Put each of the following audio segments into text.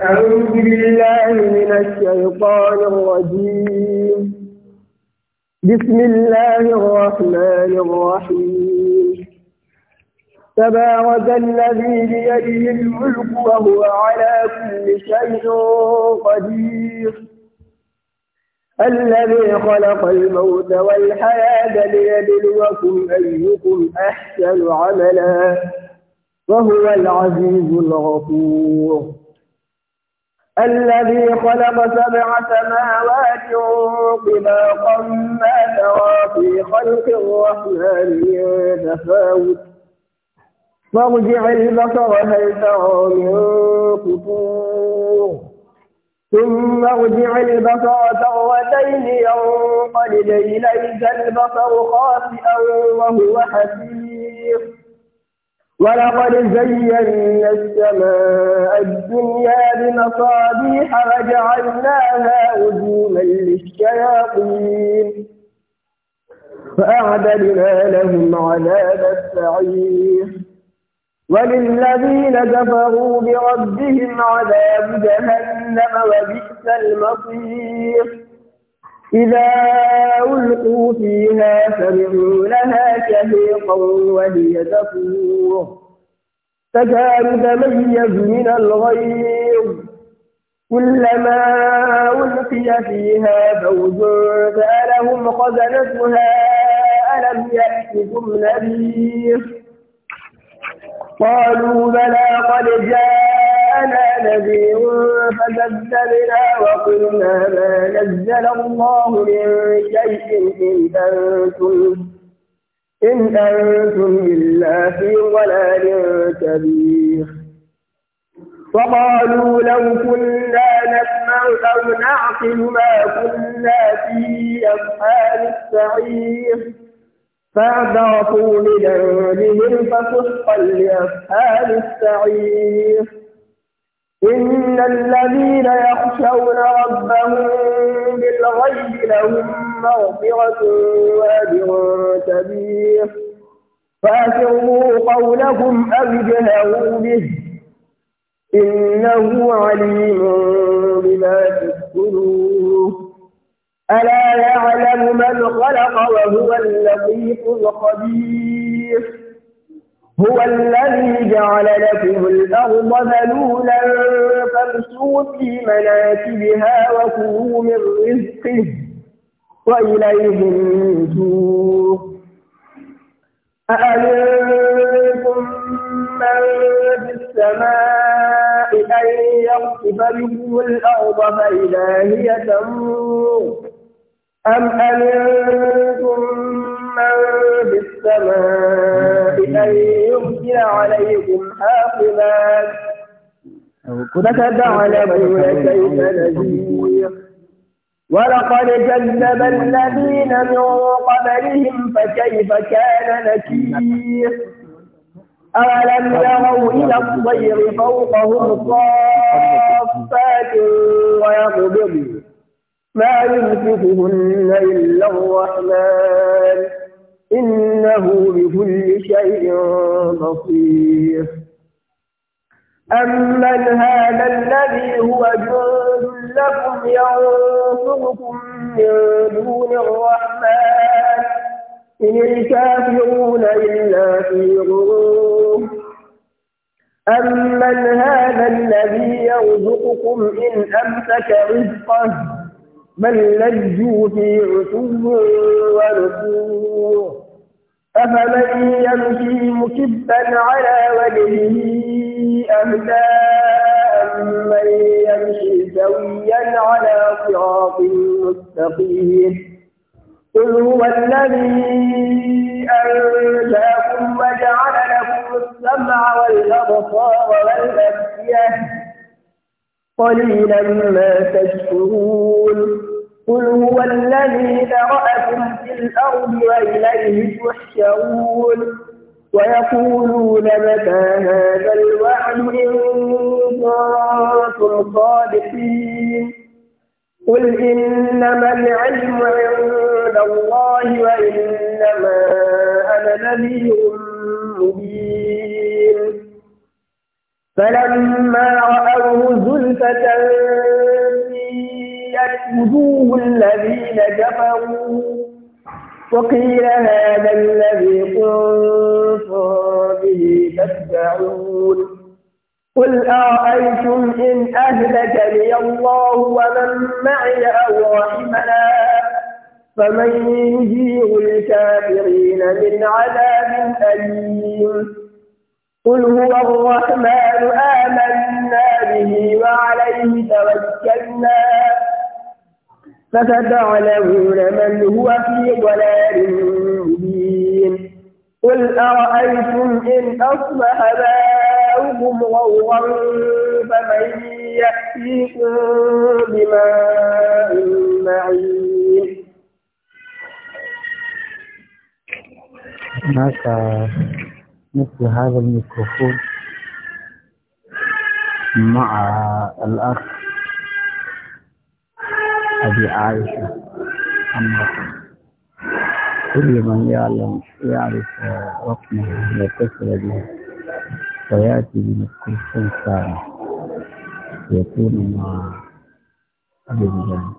أعوذ بالله من الشيطان الرجيم بسم الله الرحمن الرحيم تبارك الذي بيده الملك وهو على كل شيء قدير الذي خلق الموت والحياة ليبلوكم أيكم أحسن عملا وهو العزيز الغفور الذي خلق سبع سماوات طباقا ما ترى في خلق الرحمن من تفاوت فارجع البصر هل ترى من فطور ثم ارجع البصر ترتين ينقلب اليك البصر خاسئا وهو حسير ولقد زينا السماء الدنيا بمصابيح وجعلناها رجوما للشياطين فأعددنا لهم عذاب السعير وللذين كفروا بربهم عذاب جهنم وبئس المصير إذا ألقوا فيها سمعوا لها شهيقا وهي تفور تكاد تميز من الغيظ كلما ألقي فيها فوز سألهم خزنتها ألم يأتكم نذير قالوا بلى قد جاء جاءنا نبي فكذبنا وقلنا ما نزل الله من شيء إن أنتم إن أنتم إلا في ضلال كبير وقالوا لو كنا نسمع أو نعقل ما كنا في أصحاب السعير فاعترفوا بذنبهم فسحقا لأصحاب السعير إن الذين يخشون ربهم بالغيب لهم مغفرة وأجر كبير فأسروا قولهم أو اجهروا به إنه عليم بما تكتمون ألا يعلم من خلق وهو اللطيف الخبير هو الذي جعل لكم الأرض ذلولا فارسوا في مناكبها وكلوا من رزقه وإليه النشور أأمنتم من في السماء أن يغصب بكم الأرض فإذا هي تمور أم أمنتم من السماء أن يمسل عليكم حافظا فتعلمون كيف نذير ولقد كذب الذين من قبلهم فكيف كان نكير أولم يروا إلى الطير فوقهم صافات ويقبض ما يمسكهن إلا الرحمن إنه بكل شيء بصير أمن هذا الذي هو جند لكم ينصركم من دون الرحمن إن الكافرون إلا في غروب أمن هذا الذي يرزقكم إن أمسك رزقه بل لجوا في عتو ونفور أفمن يمشي مكبا على وجهه أهدى أمن يمشي سويا على صراط مستقيم قل هو الذي أنشاكم وجعل لكم السمع والأبصار والأفئدة قليلا ما تشكرون قل هو الذي ذرأكم في الأرض وإليه تحشرون ويقولون متى هذا الوعد إن كنتم صادقين قل إنما العلم عند الله وإنما أنا نذير مبين فلما رأوه زلفة وجلت وجوه الذين كفروا وقيل هذا الذي كنتم به تدعون قل أرأيتم إن أهلكني الله ومن معي أو رحمنا فمن يجير الكافرين من عذاب أليم قل هو الرحمن آمنا به وعليه توكلنا فستعلمون من هو في ضلال مبين قل أرأيتم إن أصبح ماؤكم غورا فمن يأتيكم بماء معين هناك مثل هذا الميكروفون مع الأخ أبي عائشة أمته كل من يعلم يعرف رقمه يتصل به ويأتي بمكتوب ساعة يكون مع أبي الجنة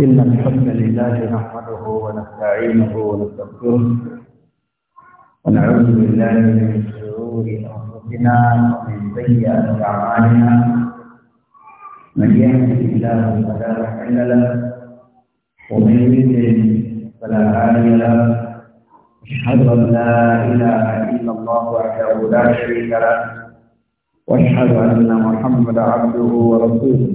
إن الحمد لله نحمده ونستعينه ونستغفره ونعوذ بالله من شرور أنفسنا ومن سيئات أعمالنا من يهدي الله فلا محل له ومن يضلل فلا هادي له اشهد ان لا اله الا الله وحده لا شريك له واشهد ان محمدا عبده ورسوله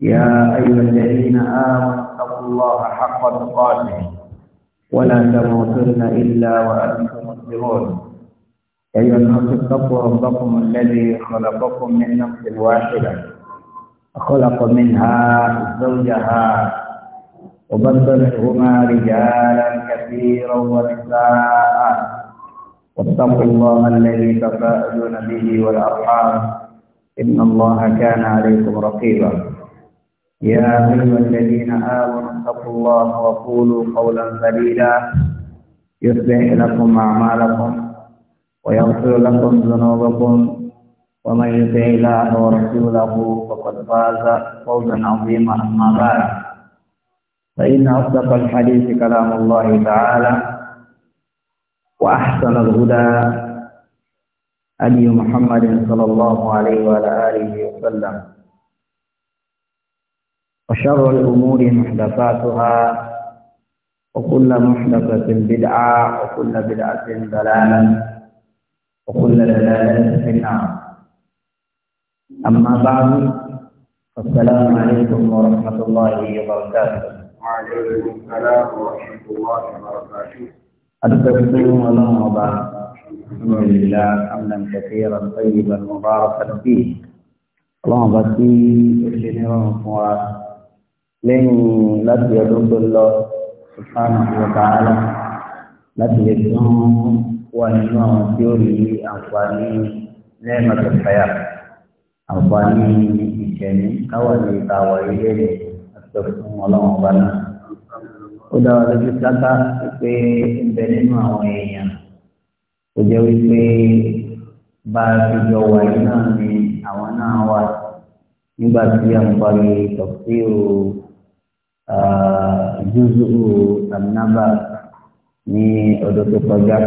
يا ايها الذين امنوا اتقوا الله حق تقاته ولا تموتن الا وانتم مسلمون ايها الناس اتقوا ربكم الذي خلقكم من نفس واحده خلق منها زوجها وبدلتهما رجالا كثيرا ونساء واتقوا الله الذي تساءلون به والارحام ان الله كان عليكم رقيبا يا ايها الذين امنوا اتقوا الله وقولوا قولا سديدا يصلح لكم اعمالكم ويغفر لكم ذنوبكم ومن يطع الله ورسوله فقد فاز فوزا عظيما اما بعد فان اصدق الحديث كلام الله تعالى واحسن الهدى هدي محمد صلى الله عليه وعلى اله وسلم وشر الامور محدثاتها وكل محدثه بدعه وكل بدعه ضلاله وكل دلاله في النار أما بعد السلام عليكم ورحمة الله وبركاته وعليكم السلام ورحمة الله وبركاته التسليم ولهم الحمد لله حمدا كثيرا طيبا مباركا فيه اللهم باركي ارشدني وانصرا لن لا يرد الله سبحانه وتعالى لك يسلم ونعم يوري انفاني نعمة الحياة àǹfààní ìjẹ̀ni káwà ní ìta àwọ̀ ilé rẹ̀ àti fún ọlọ́run ọba náà. ó dára lójú sáká pé ń bẹ nínú àwọn èèyàn kò jẹ́ wípé bá a ti jọ wà yìí náà ni àwọn náà wà nígbà tí a ń parí tọ̀síò júzù àmìnábà ní ọdún tó kọjá.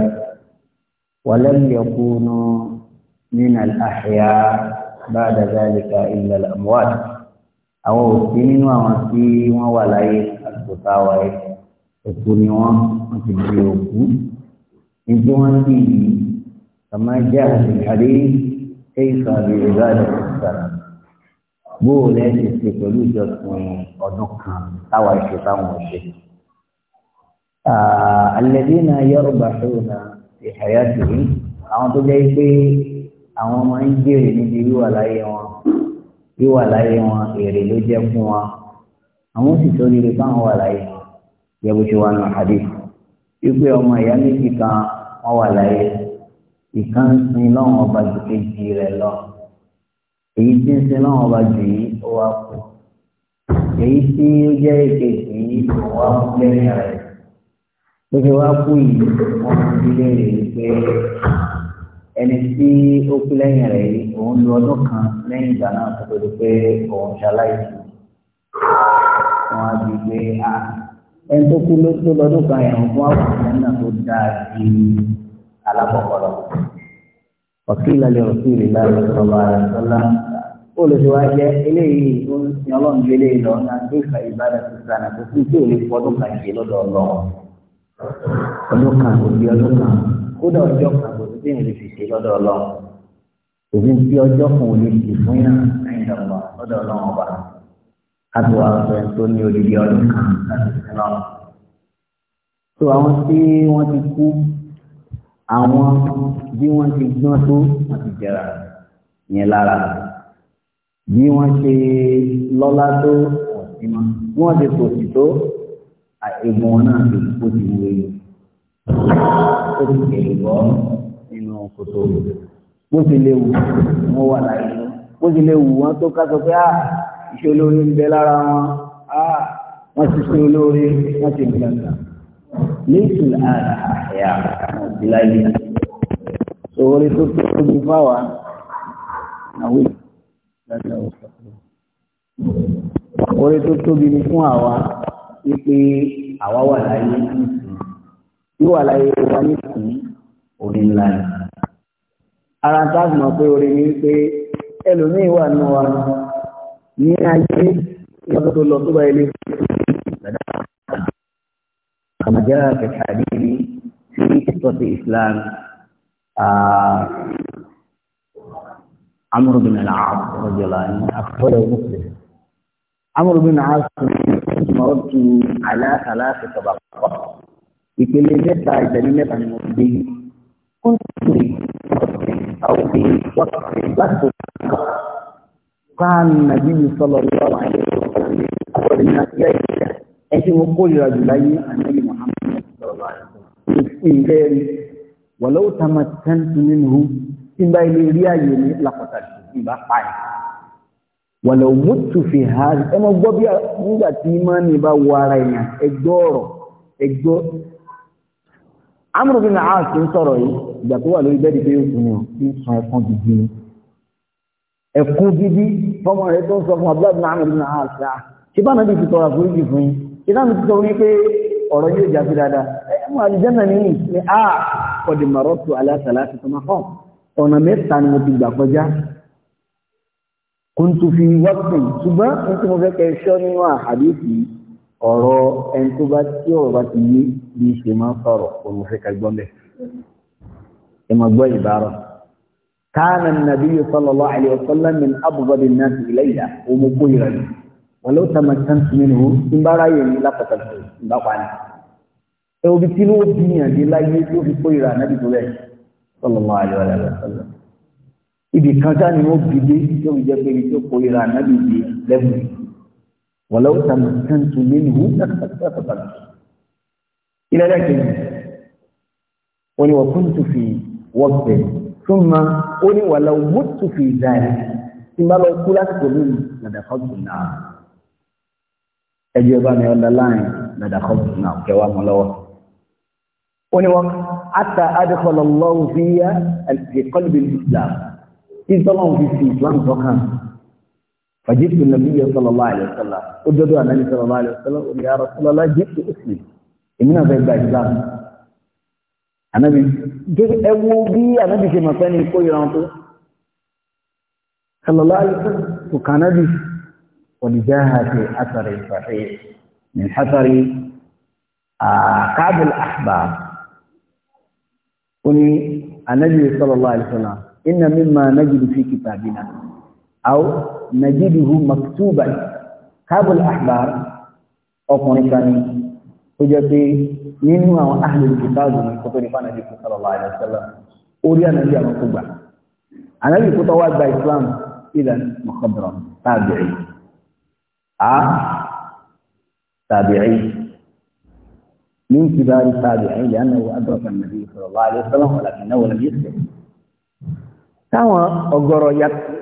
wàlẹ́ mi yẹ kú nínú àṣeyà ba'da dhalika illa al-amwat àwọn òsì nínú àwọn tí wọ́n wà láyé àtúntò tá a wà yẹ òkú ni wọ́n wọ́n ti di òkú níbi wọ́n sì yí kàmá jẹ́ àṣìkàdé kéèkà bí ìbáàdà ìsàlà bóò lẹ́sìn ṣe pẹ̀lú ìjọsìn ọdún kan táwa ìṣe táwọn ọ̀ṣẹ́. alladhina yarbahuna fi hayatihim àwọn tó jẹ́ pé àwọn ọmọ ń jèrè níbi wíwà láyé wọn wíwà láyé wọn èrè ló jẹ́ fún wọn àwọn sì tó nílé báwọn wà láyé yẹ bó ṣe wà nù àdé wípé ọmọ ìyá méjì kan wọn wà láyé ìkan ń sin lọ́wọ́n ọba ju kejì rẹ̀ lọ èyí tí ń sin lọ́wọ́n ọba jù yìí ó wá kú èyí tí ó jẹ́ èkejì yìí kò wá kú lẹ́yìn rẹ̀ bó ṣe wá kú yìí wọ́n ti léèrè wípé ẹni tí ó kú lẹ́yìn rẹ̀ yìí òun lu ọdún kan lẹ́yìn ìgbà náà tó tó pé òun ṣaláìsí wọn á di pé a ẹni tó kú ló tó lọ́dún kan ẹ̀rùn fún àwọn ọ̀sán náà tó dáa ju alákọ̀ọ́kọ́ lọ. ọ̀kí ìlàlẹ̀ ọ̀sí ìrìlá rẹ̀ sọ̀rọ̀ àrẹ̀ sọ́lá ó lè ṣe wá jẹ́ eléyìí tó ń sin ọlọ́run ju eléyìí lọ náà tó ìfà ìbára ti sànà tó kú tí lè fọdún kan ṣe lọ́dọ̀ ọlọ́run ọdún kan òbí ọdún kan kódà ọjọ́ kan kò sí sí ìrìn fìṣe lọ́dọ̀ ọlọ́run òfin tí ọjọ́ kan ò lè fi fún yàn lẹ́yìn lọ́wọ́ lọ́dọ̀ ọlọ́run ọba láti wá sọ ẹni tó ní odidi ọdún kan láti sin lọ́run. tó àwọn tí wọ́n ti kú àwọn bí wọ́n ti gbọ́n tó wọ́n ti jẹrà yẹn lára bí wọ́n ṣe lọ́lá tó ọ̀sìn mọ́ bí wọ́n ti tòṣì tó egun náà ti kó wúwo yìí ó ti kéré bọ́ nínú kòtò bó ti lè wù wọ́n wà láyé bó ti lè wù wọ́n tó ká sọ pé à ah, iṣẹ́ olórí ń bẹ lára wọn à ah, wọ́n ti ṣe olórí wọ́n ti gbà gbà léṣù àrà àyà àti láyé sọ̀rọ̀ tó tóbi fáwa àwọn ìgbàgbà òṣèlú orí tó tóbi ni fún àwa wípé àwa wà láyé yóò wà láyé wa ní sí orin ńlá ni. ara tá a mọ̀ pé orin ni pé ẹlòmíì wà nù wa ní ayé ìyàtọ̀ tó lọ tó bá ilé kàmájà kẹsàdé ni sí ìtọ́sí Islam عمرو بن العاص رضي الله عنه أخبره مسلم عمرو بن العاص مرض على ثلاث طبقات ìpele mẹ́ta ìtẹ̀lé mẹ́ta ni mo ti dé yìí. kúndùnì ọ̀sẹ̀ àwọn obìnrin wákàtí láti ọ̀sẹ̀ kan nàbí mi sọ̀rọ̀ lọ́wọ́ àyè ọ̀rẹ́ ní àti ẹ̀yẹ ẹ̀sìn mo kórìíra jù láyé ànábì Muhammad sọ̀rọ̀ àyè. ìfẹ́ rí wọ̀lọ́wọ́ tá a máa ti tẹ́ nínú hu tí fi ha ẹ mọ gbọ́ bí nígbà tí imáni bá wọ ara èèyàn ẹgbọ́ ọ̀rọ̀ ẹgbọ́ amúrò bí nà áàsì ń sọ̀rọ̀ yìí ìgbà tó wà lórí bẹ́ẹ̀dì pé ó fún yàn kí san ẹ̀fọn gidi ni ẹ̀kún gidi fọmọ rẹ tó ń sọ fún abdullahi bin amúrò bí nà áàsì à ṣé bá nàbí ti tọrọ àforíjì fún yín ṣé náà ti sọ wí pé ọ̀rọ̀ yóò jà sí dáadáa ẹ mú àlùjẹ́nà ní ní a ah, kọ̀dì màrọ́tù aláṣàlá ti tọ́mọ fọ́n ọ̀nà mẹ́ta ni mo ti gbà kọjá kùntùfì wọ́pìn ṣùgbọ́n mo ti mo fẹ́ kẹ́ ṣọ́ nínú àhàdí yìí ọ̀rọ̀ ẹni tó bá tí ọ̀rọ̀ bá ti yé bí i ṣe máa ń sọ̀rọ̀ òun fẹ́ ka gbọ́n bẹ̀. ẹ máa gbọ́ ìbára. káàna nàbí yóò sọ̀rọ̀ lọ́wọ́ àlẹ́ ọ̀sọ́lá mi abúgbọ́ bí náà ti ilẹ̀ ìyá òun kó ìrà ni. wọn ló tàmà tán sí mi nù ń bá yẹn ní lápàtà ìgbà pa ni. ẹ obi tí ló di yàn dé láyé ló fi kó ìrà náà dìbò bẹ́ẹ̀ sọ̀rọ̀ lọ́wọ́ wọ̀lọ́wọ́ tàbí lẹ́nu lápapàpàpà ilẹ̀ lẹ́kẹ̀ ó ní wọ̀kún tó fi wọ́pẹ̀ tó ma ó ní wọ̀lọ́wọ́ mú tó fi dáẹ̀ tí bá lọ kú lásìkò lónìí nàdàkọ́tù náà ẹjọ́ bá mi ọ̀dà láàrin nàdàkọ́tù náà kẹwàá mọ́ lọ́wọ́ ó ní wọ́n ata adìkọlọ́lọ́wọ́ fi yá ẹ̀kọ́lùbí islam tí tọ́lọ́wọ́ fi fi islam tọ́kàn فجئت النبي صلى الله عليه وسلم وجدوا النبي صلى الله عليه وسلم يا رسول الله جئت اسلم من غير بعد انا جئت ابو بي انا بي ما كان يقول يوم صلى الله عليه وسلم وكان بي ولجاه في اثر صحيح من حثر قابل آه، الاحباب قل النبي صلى الله عليه وسلم ان مما نجد في كتابنا أو نجده مكتوبا kábùl àhbàr ọkùnrin kan ní ó jẹ́ pé nínú àwọn ahlul kitabu ní kótó nípa nàbí kò sallallahu alaihi wasallam orí ànàbí àwọn kò gbà ànàbí kò tọ́wọ́ gba islam ìlà mọ̀kọ́dọ̀rọ̀ tàbíì a tàbíì من كبار التابعين لأنه أدرك النبي صلى الله عليه وسلم ولكنه لم يسلم. كما أقرأ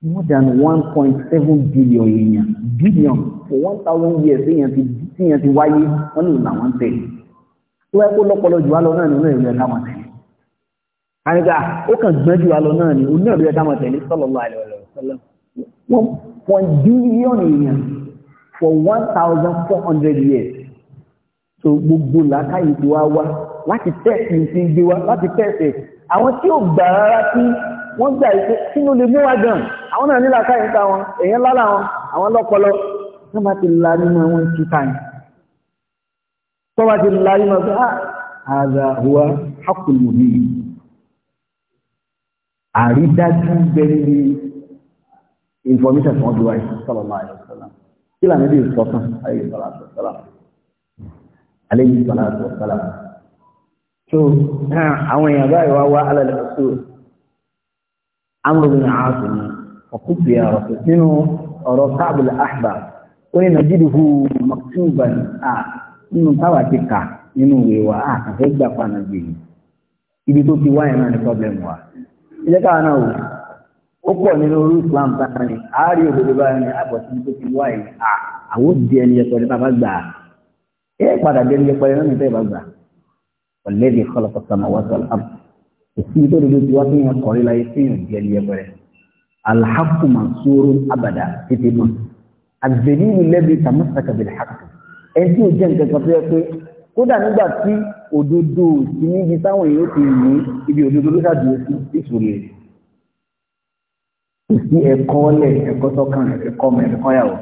more than one point seven billion èèyàn billion for one thousand years èèyàn ti èèyàn ti wáyé wọn lè làwọn tẹ̀lé tó yẹ kó lọ́pọ̀lọ́ jù wá lọ náà ni olóòrè rẹ̀ káwọn tẹ̀lé àyíká ó kàn gbọ́n jù wá lọ náà ni olóòrè rẹ̀ káwọn tẹ̀lé sallallahu alaihi wasallam one point billion èèyàn for one thousand four hundred years so gbogbo làákàyè ti wá wá láti tẹ̀sí ti gbé wá láti tẹ̀sí àwọn tí ò gbà rárá sí wọ́n gbà ìpé sínú lè mú wa gan àwọn náà nílà káyìn ta wọn èèyàn lálà wọn àwọn lọ́pọlọ wọ́n bá ti la nínú àwọn ti tàyìn tó bá ti la nínú ọgbẹ́ ààrẹ àwọ̀ hakùlù mi àrídájú bẹ́ẹ̀ni information tí wọ́n bí wáyé sọ́lọ́mà àyẹ̀sọ́lá kí lànà bí ìsọ́kàn àyẹ̀sọ́lá àtọ̀sọ́lá àlẹ́ yìí sọ́lá àtọ̀sọ́lá so àwọn èèyàn báyìí wá wá alẹ́ lọ́sọ̀rọ̀ amúlùmí àásùnmí ọ̀kúfì àrọ̀tù nínú ọ̀rọ̀ káàbùlù àhbà ó ní nàìjíríhù maktuban à nínú táwà ti kà nínú ìwé wa à kàfẹ́ gbà pa nàìjíríhù ibi tó ti wáyé náà ní pọ́blẹ́mù wa ilé káwọn náà wò ó pọ̀ nínú orí islam táwọn ni àárí òdodo báyìí ní àbọ̀tí tó ti wáyé à àwọn òdì ẹni yẹpẹrẹ náà bá gbà ẹ padà dé ẹni yẹpẹrẹ ní tẹ́ bá gbà ọ̀lẹ́dì kọlọ̀kọ̀ sọ̀nà òsì tó dodo tí wá fún yàn kọrí láyé fún yàn jẹlí ẹgbẹrẹ alhaku mansuru abada tètè mọ àgbẹ̀lí lẹ́bi tàmásàkà bẹ̀rẹ̀ hàkù ẹni tí ó jẹ́ nǹkan kan tó yẹ pé kódà nígbà tí òdodo sí ti yìí ibi òdodo ló ṣàdúró sí ìṣòro rẹ̀ kò sí ẹ̀kọ́ lẹ̀ ẹ̀kọ́ tọ́kàn ẹ̀kọ́ mọ̀ ẹ̀kọ́ yàwó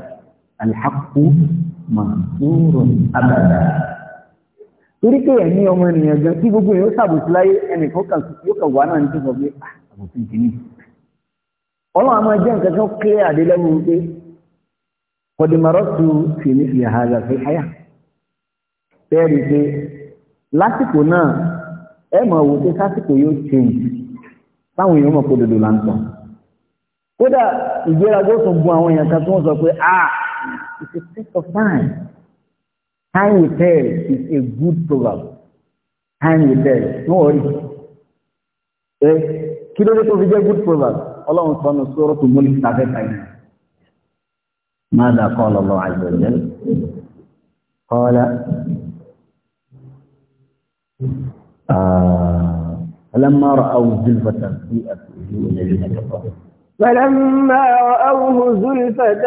alhaku mansuru abada torí pé ẹ̀mí ọmọ ènìyàn gan tí gbogbo èèyàn ṣàbòsí láyé ẹnìkan kan yóò kàn wá náà ní tìǹbọ̀ pé ah, àbòsí ìdílé ọlọ́run a máa jẹ́ nǹkan tó kéré àdélẹ́wò pé tu, fèmí fi àhàlà fi háyà bẹ́ẹ̀rì pé lásìkò náà ẹ mọ̀ wò pé sásìkò yóò change táwọn èèyàn mọ̀ kó dodo là ń tọ̀ kódà ìgbéraga ó tún bu àwọn èèyàn kan tí wọ́n sọ pé ah it's a test of time. Time with tell is a good proverb. Time with tell. No worry. Ẹ eh, kí ló dé tó fi jẹ́ good proverb? Ọlọ́run sọ ní sọ́rọ́ tó múlí sáfẹ́ báyìí. Mada qala Allah azza wa jalla. Qala. فلما رأوا زلفة سيئت وجوه الذين كفروا. فلما رأوه زلفة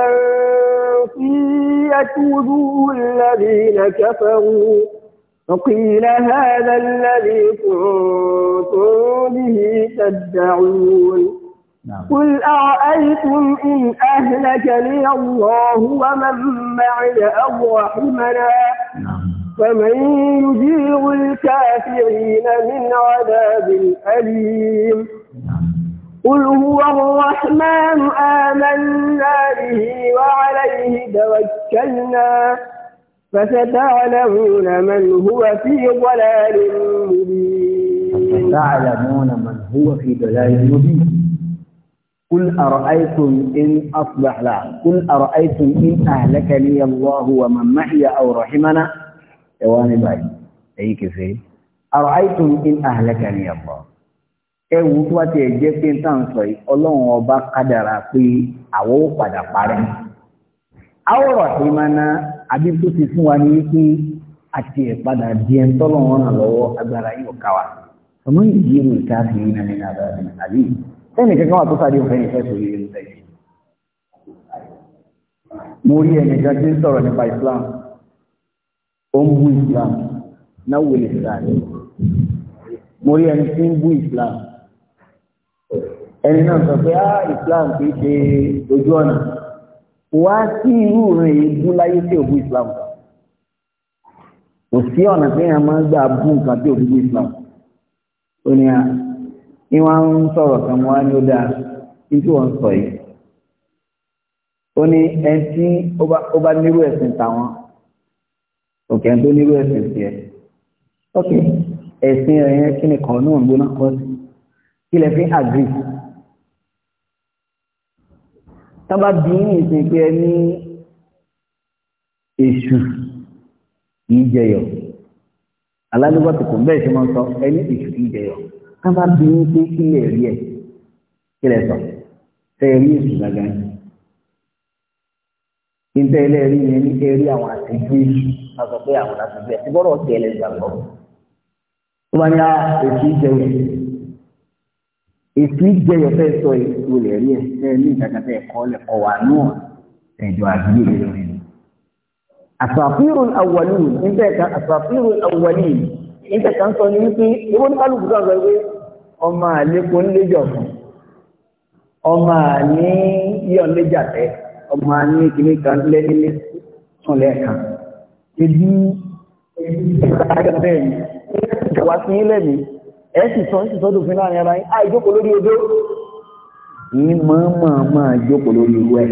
خفيت وجوه الذين كفروا فقيل هذا الذي كنتم به تدعون نعم. قل أرأيتم إن أهلكني الله ومن معي أو رحمنا نعم. فمن يجير الكافرين من عذاب أليم قل هو الرحمن آمنا به وعليه توكلنا فستعلمون من هو في ضلال مبين فستعلمون من هو في ضلال مبين قل أرأيتم إن أصبح لا قل أرأيتم إن أهلكني الله ومن معي أو رحمنا يواني باي أي كيف أرأيتم إن أهلكني الله ẹwù tó bá ti jẹ́ pé tá à ń sọ yìí ọlọ́run ọba kádàrà pé àwọn ò padà parẹ́ àwòrán tí máa ná àbí tó ti fún wa ní wípé àti ìpadà díẹ̀ ń tọ́lọ̀ lọ́wọ́ agbára yóò ká wa ọmọ ìdí èrò ìta fi nàní àbí ẹnì kankan wà tó sáré òfin ìfẹ́ sórí èrò mo rí kan tí ń sọ̀rọ̀ Islam ó ń Islam náà Islam mo rí ẹni tí Islam ẹni náà sọ pé ah islam kì í ṣe ojú ọ̀nà wá sí irú rẹ̀ èébú láyé tí òbú islam kà kò sí ọ̀nà tí èèyàn máa ń gbà bú nǹkan tí òbú islam ó ní à ní wọ́n ń sọ̀rọ̀ kan wá ní ó dáa ní tí wọ́n ń sọ yìí ó ní ẹni tí ó bá nírú ẹ̀sìn tàwọn òkè ẹni tó nírú ẹ̀sìn tiẹ̀ ok ẹ̀sìn rẹ̀ yẹn kí ni kọ̀ọ̀nù òǹgbóná kọ́ sí kí lẹ fi àgírí tán bá bí ní ìsìn pé ẹ ní èṣù kìí jẹyọ alálùbọ̀tì kò bẹ́ẹ̀ ṣe máa ń sọ ẹ ní èṣù kìí jẹyọ tán bá bí ní pé kílẹ̀ rí ẹ kílẹ̀ sọ tẹ́ ẹ ní èṣù gàgán kí n tẹ́ ilé rí yẹn ní kẹ́ rí àwọn àtẹ̀jú èṣù a sọ pé àwọn àtẹ̀jú ẹ̀ ti bọ́rọ̀ ọ̀tí ẹlẹ́gbàgbọ́ tó bá ní a ah, èṣù jẹyọ ètò ìjẹyọ fẹ́ sọ ètò rẹ̀ rí ẹ̀ ní ìdájọ́ ẹ̀kọ́ lẹ́kọ̀ọ́ wà náà ẹ̀jọ̀ àdúgbò rẹ̀ lórí. àsàfírò àwọ̀lì nígbà ẹ̀ka àsàfírò àwọ̀lì nígbà ẹ̀ka ń sọ ní wípé ewé ní kálukú kan sọ pé ọmọ àlékún léjọ fún ọmọ àní yíyan léjà tẹ ọmọ àní kìíní kan lẹ́ni tún lẹ́ẹ̀kan. ebi ìgbà bẹ́ẹ̀ ni ìgbà wá sí ilẹ̀ mi ẹ sì sọ sì sọ́dọ̀ fún láàrin ara yín àìjókòó lórí odó yín máa máa máa jókòó lórí irú ẹ̀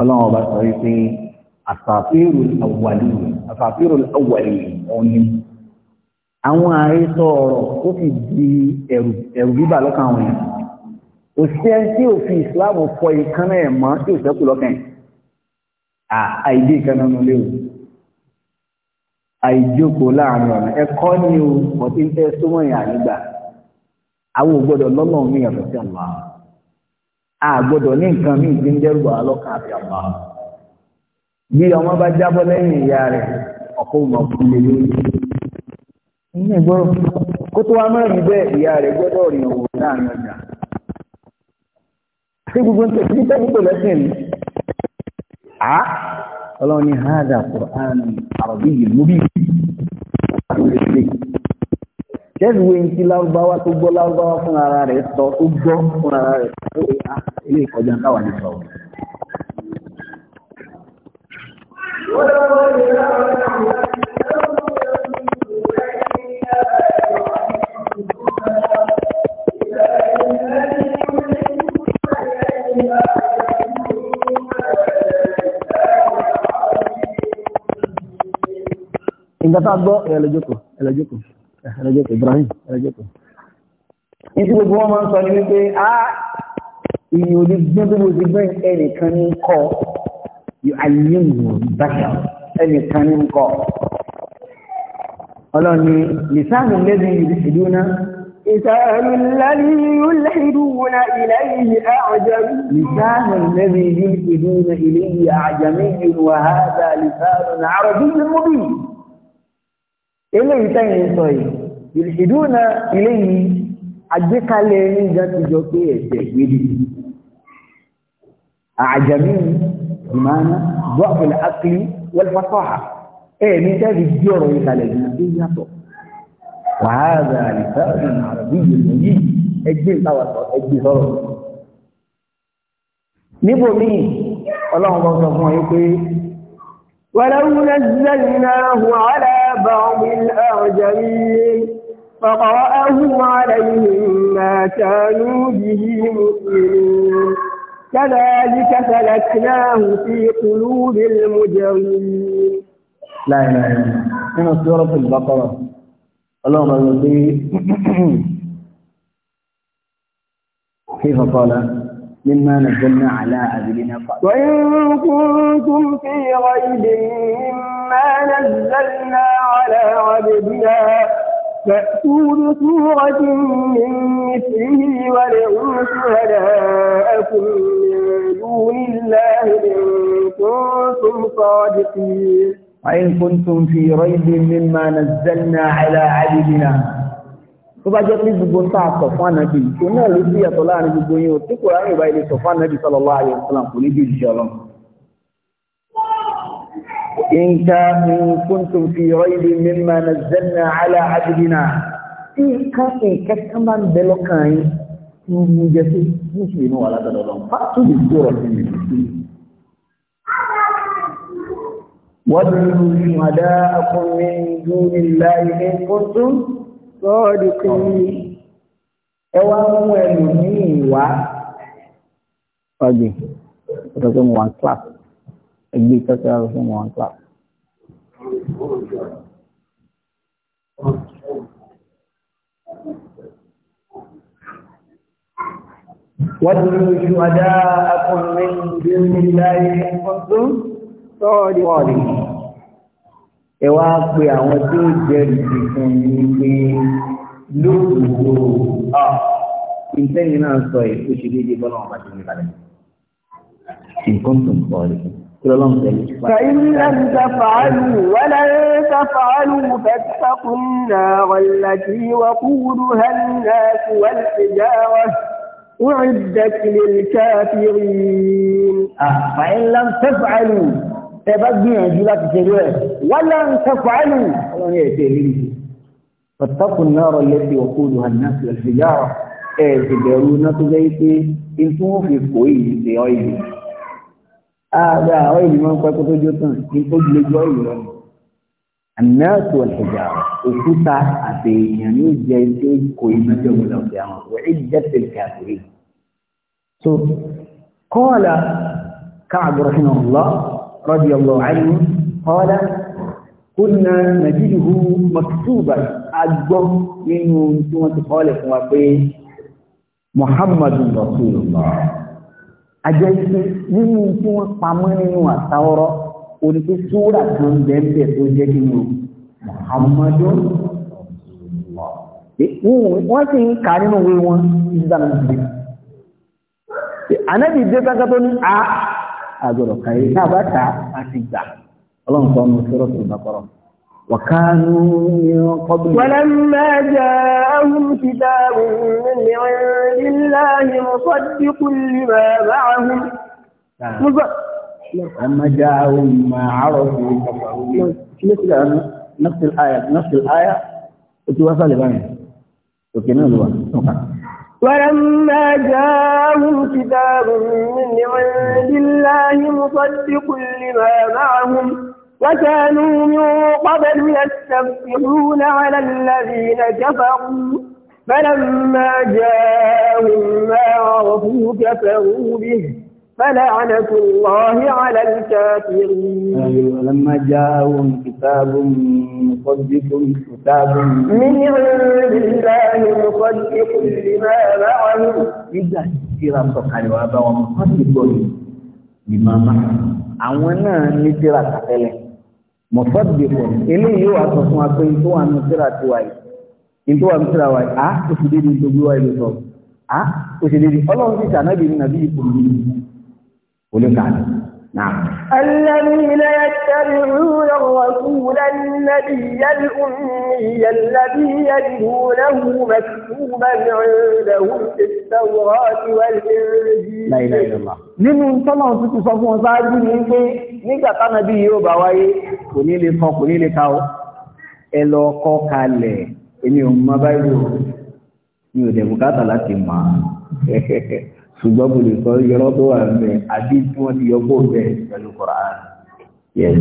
ọlọ́run ọba sọ wípé àsàfíìrù àwàlì àsàfíìrù àwàlì ọ̀nì àwọn àhesọ ọ̀rọ̀ tó fi di ẹ̀rù ẹ̀rù bíbà lọ́kàn àwọn yẹn kò sí ẹni tí òfin ìsìláàmù fọ ìkànnà ẹ̀ mọ́ tí ò sẹ́kù lọ́kàn yẹn àìdí ìkànnà nulẹ̀ o. àìjókòó láàrin ọ̀nà ẹ̀kọ́ ni o tí ń tẹ́ súnmọ́ ìyá nígbà àwọn ògbọ́dọ̀ lọ́nà mi yàtọ̀ sí àlá àgbọ́dọ̀ ní nǹkan mi ti ń dẹ́rù bàá lọ́kàn àti àlá bí ọmọ bá jábọ́ lẹ́yìn ìyá rẹ̀ ọkọ̀ lè kó tó wá bẹ́ẹ̀ ìyá rẹ̀ gbọ́dọ̀ rìn òwò láàrin ọlọ́run ni haza Qur'an àròbí yìí mú bí jẹ́rìí wẹ́n tí lárúbáwá tó gbọ́ lárúbáwá fún ara rẹ̀ sọ tó gbọ́ fún ara rẹ̀ sọ ah, ilé ìkọjá táwa ní sọ. Wọ́n lọ́wọ́ ìgbà tá a gbọ́ ẹlẹ́jọ́kọ̀ ẹlẹ́jọ́kọ̀ ẹlẹ́jọ́kọ̀ Ibrahim ẹlẹ́jọ́kọ̀ ní tí gbogbo wọn máa ń sọ ní wípé a ìyìn òní gbọ́n bí mo ti gbẹ́ ẹnìkan ní kọ́ àyẹ̀wò bàtà ẹnìkan ní kọ́ ọlọ́ni lìsáàmù lẹ́bi ìdúná لسان الذي يلحدون إليه أعجمي لسان الذي يلحدون إليه أعجمي وهذا لسان عربي مبين eléyìí tẹ́yìn sọ yìí ìdúnà eléyìí àgbékalẹ̀ nígbà tí jọ pé ẹ̀sẹ̀ gbélé àjàmí ìmáná bọ́ọ̀fẹ̀lẹ̀ akílí wẹ́lfàṣọ́hà ẹ̀ẹ̀mí tẹ́lẹ̀ bí ọ̀rọ̀ ìkàlẹ̀ gan tó yàtọ̀ wàhálà àlìsáàrì àrùbí yìí yìí ẹgbẹ́ ìtawàsọ ẹgbẹ́ sọ̀rọ̀ níbo míì ọlọ́run bọ́ sọ fún ọ yìí pé wàlẹ́ بعض الأعجمين فقرأه عليهم ما كانوا به مؤمنين كذلك سلكناه في قلوب المجرمين لا إله إلا الله من سورة البقرة اللهم الذي كيف قال مما نزلنا على عبدنا وإن كنتم في ريب مما نزلنا على عبدنا فأتوا بسورة من مثله ولعوا شهداءكم من دون الله إن كنتم صادقين وإن كنتم في ريب مما نزلنا على عبدنا tó bá jẹ́ pé gbogbo ń tàà sọ fún ànábì tó náà ló sí ẹ̀tọ́ láàrin gbogbo yín o tí kò ráyè bá ilé sọ fún ànábì sallallahu alaihi wasallam kò ní bí òṣìṣẹ́ ọlọ́run. in kuntum fi raybin mimma nazzalna ala abdina nǹkan nǹkan kan máa ń bẹ lọ́kàn yín ń jẹ sí mùsùlùmí wà látọ̀dọ̀ lọ fa lè tó sí mi. wọ́n ti lu ṣùgbọ́n sọ́ọ̀dì kan ẹ wá mú ẹlòmíì wá. ọ̀gbìn ọ̀dọ̀ pé mo wà ní class ẹgbẹ́ ìtọ́sí ọ̀dọ̀ pé mo wà ní class. وادعوا شهداءكم من دون الله إن كنتم صادقين ẹ wá pe àwọn tí ó jẹ́rìí fún yín pé lóòótọ́ ọ ìtẹ́yìn náà sọ èyí ṣe déédéé bọ́lá wọn bá ní balẹ̀. nǹkan tó ń فإن لم تفعلوا ولن تفعلوا فاتقوا النار التي وقودها الناس والحجارة أعدت للكافرين. فإن لم تفعلوا tẹ bá gbìyànjú láti ṣe rẹ̀ wálá ń tẹ́fà ẹ̀lù ọlọ́rin ẹ̀dẹ́ rí pàtàkùn náà rọ̀ lẹ́sí ọkọ̀ olùhànà sí ọ̀sẹ̀yà ẹ̀ ìbẹ̀rù náà tó jẹ́ pé ikú wọn fi kó ìlú ṣe ọ́ìlì ààrẹ àwọn ìlú máa ń pẹ́ kó jó tán kí tó lè jọ ìlú rẹ̀ àná sí ọ̀sẹ̀yà òkúta àti èèyàn yóò jẹ́ tó kó iná jẹ́ ọ̀gbọ̀dọ̀ àwọn wẹ̀ kọ́ọ̀lá káàbù رضي الله عنه قال كنا نجده مكتوبا أجبه من ثم تقال وفي محمد رسول الله أجلس من ثم طمنه وثورة ونفي سورة من ذنب سجده محمد wọ́n sì ń kà nínú ìwé wọn ìsìdánù ìgbé. ànábì dé kákàtó ní àgbọ̀dọ̀ kàyé tá a bá ta a ti gbà ọlọ́run sọ ọ́nà sọ́rọ́ tó bá kọ́rọ̀. وكانوا من قبل ولما جاءهم كتاب من عند الله مصدق لما معهم لما جاءهم ما عرفوا مثل نفس الآية نفس الآية وتوصل بهم وكنا نوصل ولما جاءهم كتاب من عند الله مصدق لما معهم وكانوا من قبل يستفتحون على الذين كفروا فلما جاءهم ما عرفوا كفروا به فلعنة الله على الكافرين لما جاءهم كتاب مصدق كتاب من عند الله مصدق لما معهم إذا كثيرا سبحانه وتعالى ومصدق لما معهم àwọn náà ní tíra kàtẹ́lẹ̀ mọ̀fọ́dìbò eléyìí wà sọ fún wa pé tó wà ní tíra ti wáyé tó wà ní tíra wáyé á oṣù dédé tó gbé wáyé lọ sọ á oṣù dédé ọlọ́run ti sànábì ní nàbí ìpòlù yìí olùkàdì نعم الذين يتبعون الرسول النبي الذي يجدونه مكتوبا عندهم في التوراة لا إله إلا الله nínú tọ́lọ̀ tó ti sọ fún ọ sáájú ní pé nígbà tánà bí yóò bá wáyé kò ní lè kọ kò ní lè ka ẹ lọ kọ kalẹ̀ èmi ò báyìí mi ò dẹ̀ bùkátà láti mọ̀ ṣùgbọ́n mo lè sọ yọrọ tó wà mẹ́ àbí tí wọ́n ti yọ bó pẹ̀lú Qur'an yẹn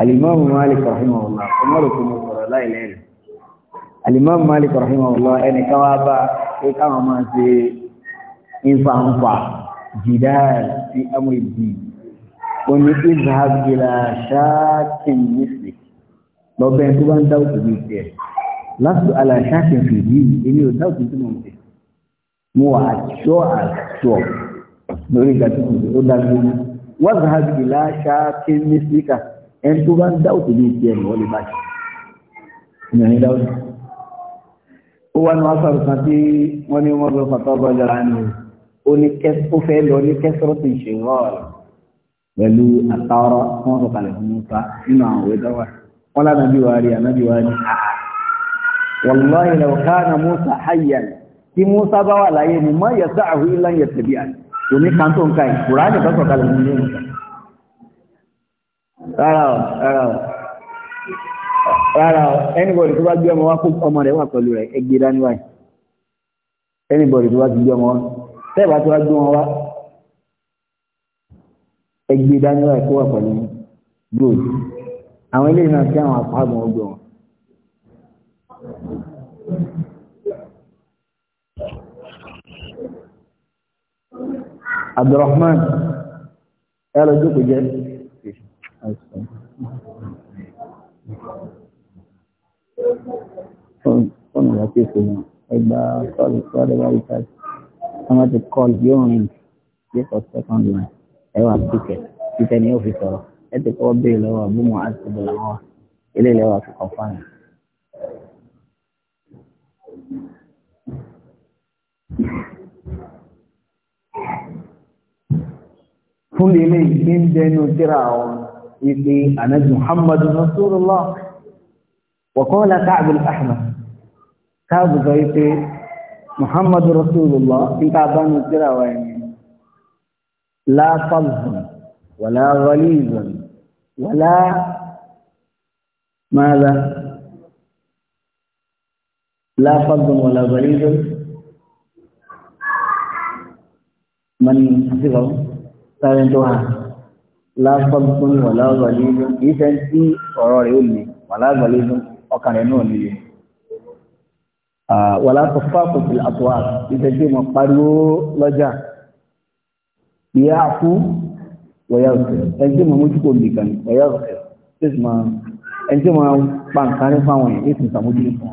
alimami Malik rahimahullah ọmọ rẹ̀ kò mọ sọ̀rọ̀ láìlẹ́rì alimami Malik rahimahullah ẹnì kan wá bá pé káwọn máa ṣe ìfàǹfà jìdáàl sí amúlì bíi oní ìzàbìlà ṣáàkìn nísì lọ́bẹ̀ tó bá ń dáwùtò ní tiẹ̀ lásù aláṣáàkìn fìdí èmi ò dáwùtò tí mo ń mo àṣọ àṣọ lórí ìgbà tí ó dájú wọ́n zàhábì ìlà ṣáàkì ní síkà ẹni tó bá ń dá òtò ní ìtì ẹ̀mí wọ́n lè bá ṣe ìrìn dáwọ́ ó wá ní wọ́n sọ̀rọ̀ kan tí wọ́n ní wọ́n lọ fàtọ́ ọgbọ́n jọra ní ó ní ó fẹ́ lọ ní kẹsọ́rọ́ ti ṣe rọ́ọ̀lù pẹ̀lú àtàwọ̀rọ̀ tí wọ́n sọ kalẹ̀ fún Musa nínú àwọn òwe dáwà wọ́n lánàá bí wàá rí ànábì wàá ní wàlláhi làwọn káà na Musa hayyan tí Musa bá wà láyé ni mọ́ yẹ̀sá àhú ilá yẹ̀ tẹ̀bí à kò ní kan tó ń ka yìí kùrá nìkan sọ̀kalẹ̀ ní ilé nìkan rárá o rárá o rárá o anybody tó bá gbé ọmọ wa kó ọmọ rẹ̀ wà pẹ̀lú rẹ̀ ẹ gbé anybody tó bá ti gbé ọmọ wa tẹ́ẹ̀bá tó bá gbé wọn wá ẹ gbé dání wáyé Abdurrahman ẹ lọ jókòó jẹ́ fóònù rẹ̀ pè fún wọn ẹgbà kọ́ọ̀lù tí wọ́n lè wá ìta tí wọ́n ti kọ́ọ̀lù yóò rìn yóò kọ́ second line ẹ wà píkẹ̀ títẹ̀ ní òfin sọ̀rọ̀ ẹ ti kọ́ bẹ́ẹ̀ lọ́wọ́ àbúmọ̀ àti ìbọ̀lá ilé ìlẹ́wà fi kọ̀ Thank you. fún lélẹ̀ ìgbé ń dẹnu tíra ọ ìpè ànábì muhammadu rasulullah wọ̀kọ́lá káàbù ahmad káàbù sọ ìpè muhammadu rasulullah níta bá nu tíra wa ẹni láfàlùfùn wàlá rọlíìzùn wàlá ماذا لا فض ولا غليظ من حفظه sáré tó hàn lásọ̀gbọ́n wàlá gbàlejò kìí ṣe tí ọ̀rọ̀ rẹ̀ ó lè wàlá gbàlejò ọkàn rẹ̀ náà nílé wàlá tó fáàkù sí àtúwà ìṣe tí mo pariwo lọ́jà ìyá àkú wọ̀yá ọ̀sẹ̀ ẹni tí mo mójú kò lè kàn wọ̀yá ọ̀sẹ̀ tí sì máa ẹni tí mo pa nǹkan rí fáwọn èèyàn èsì ìsàmójú nìkan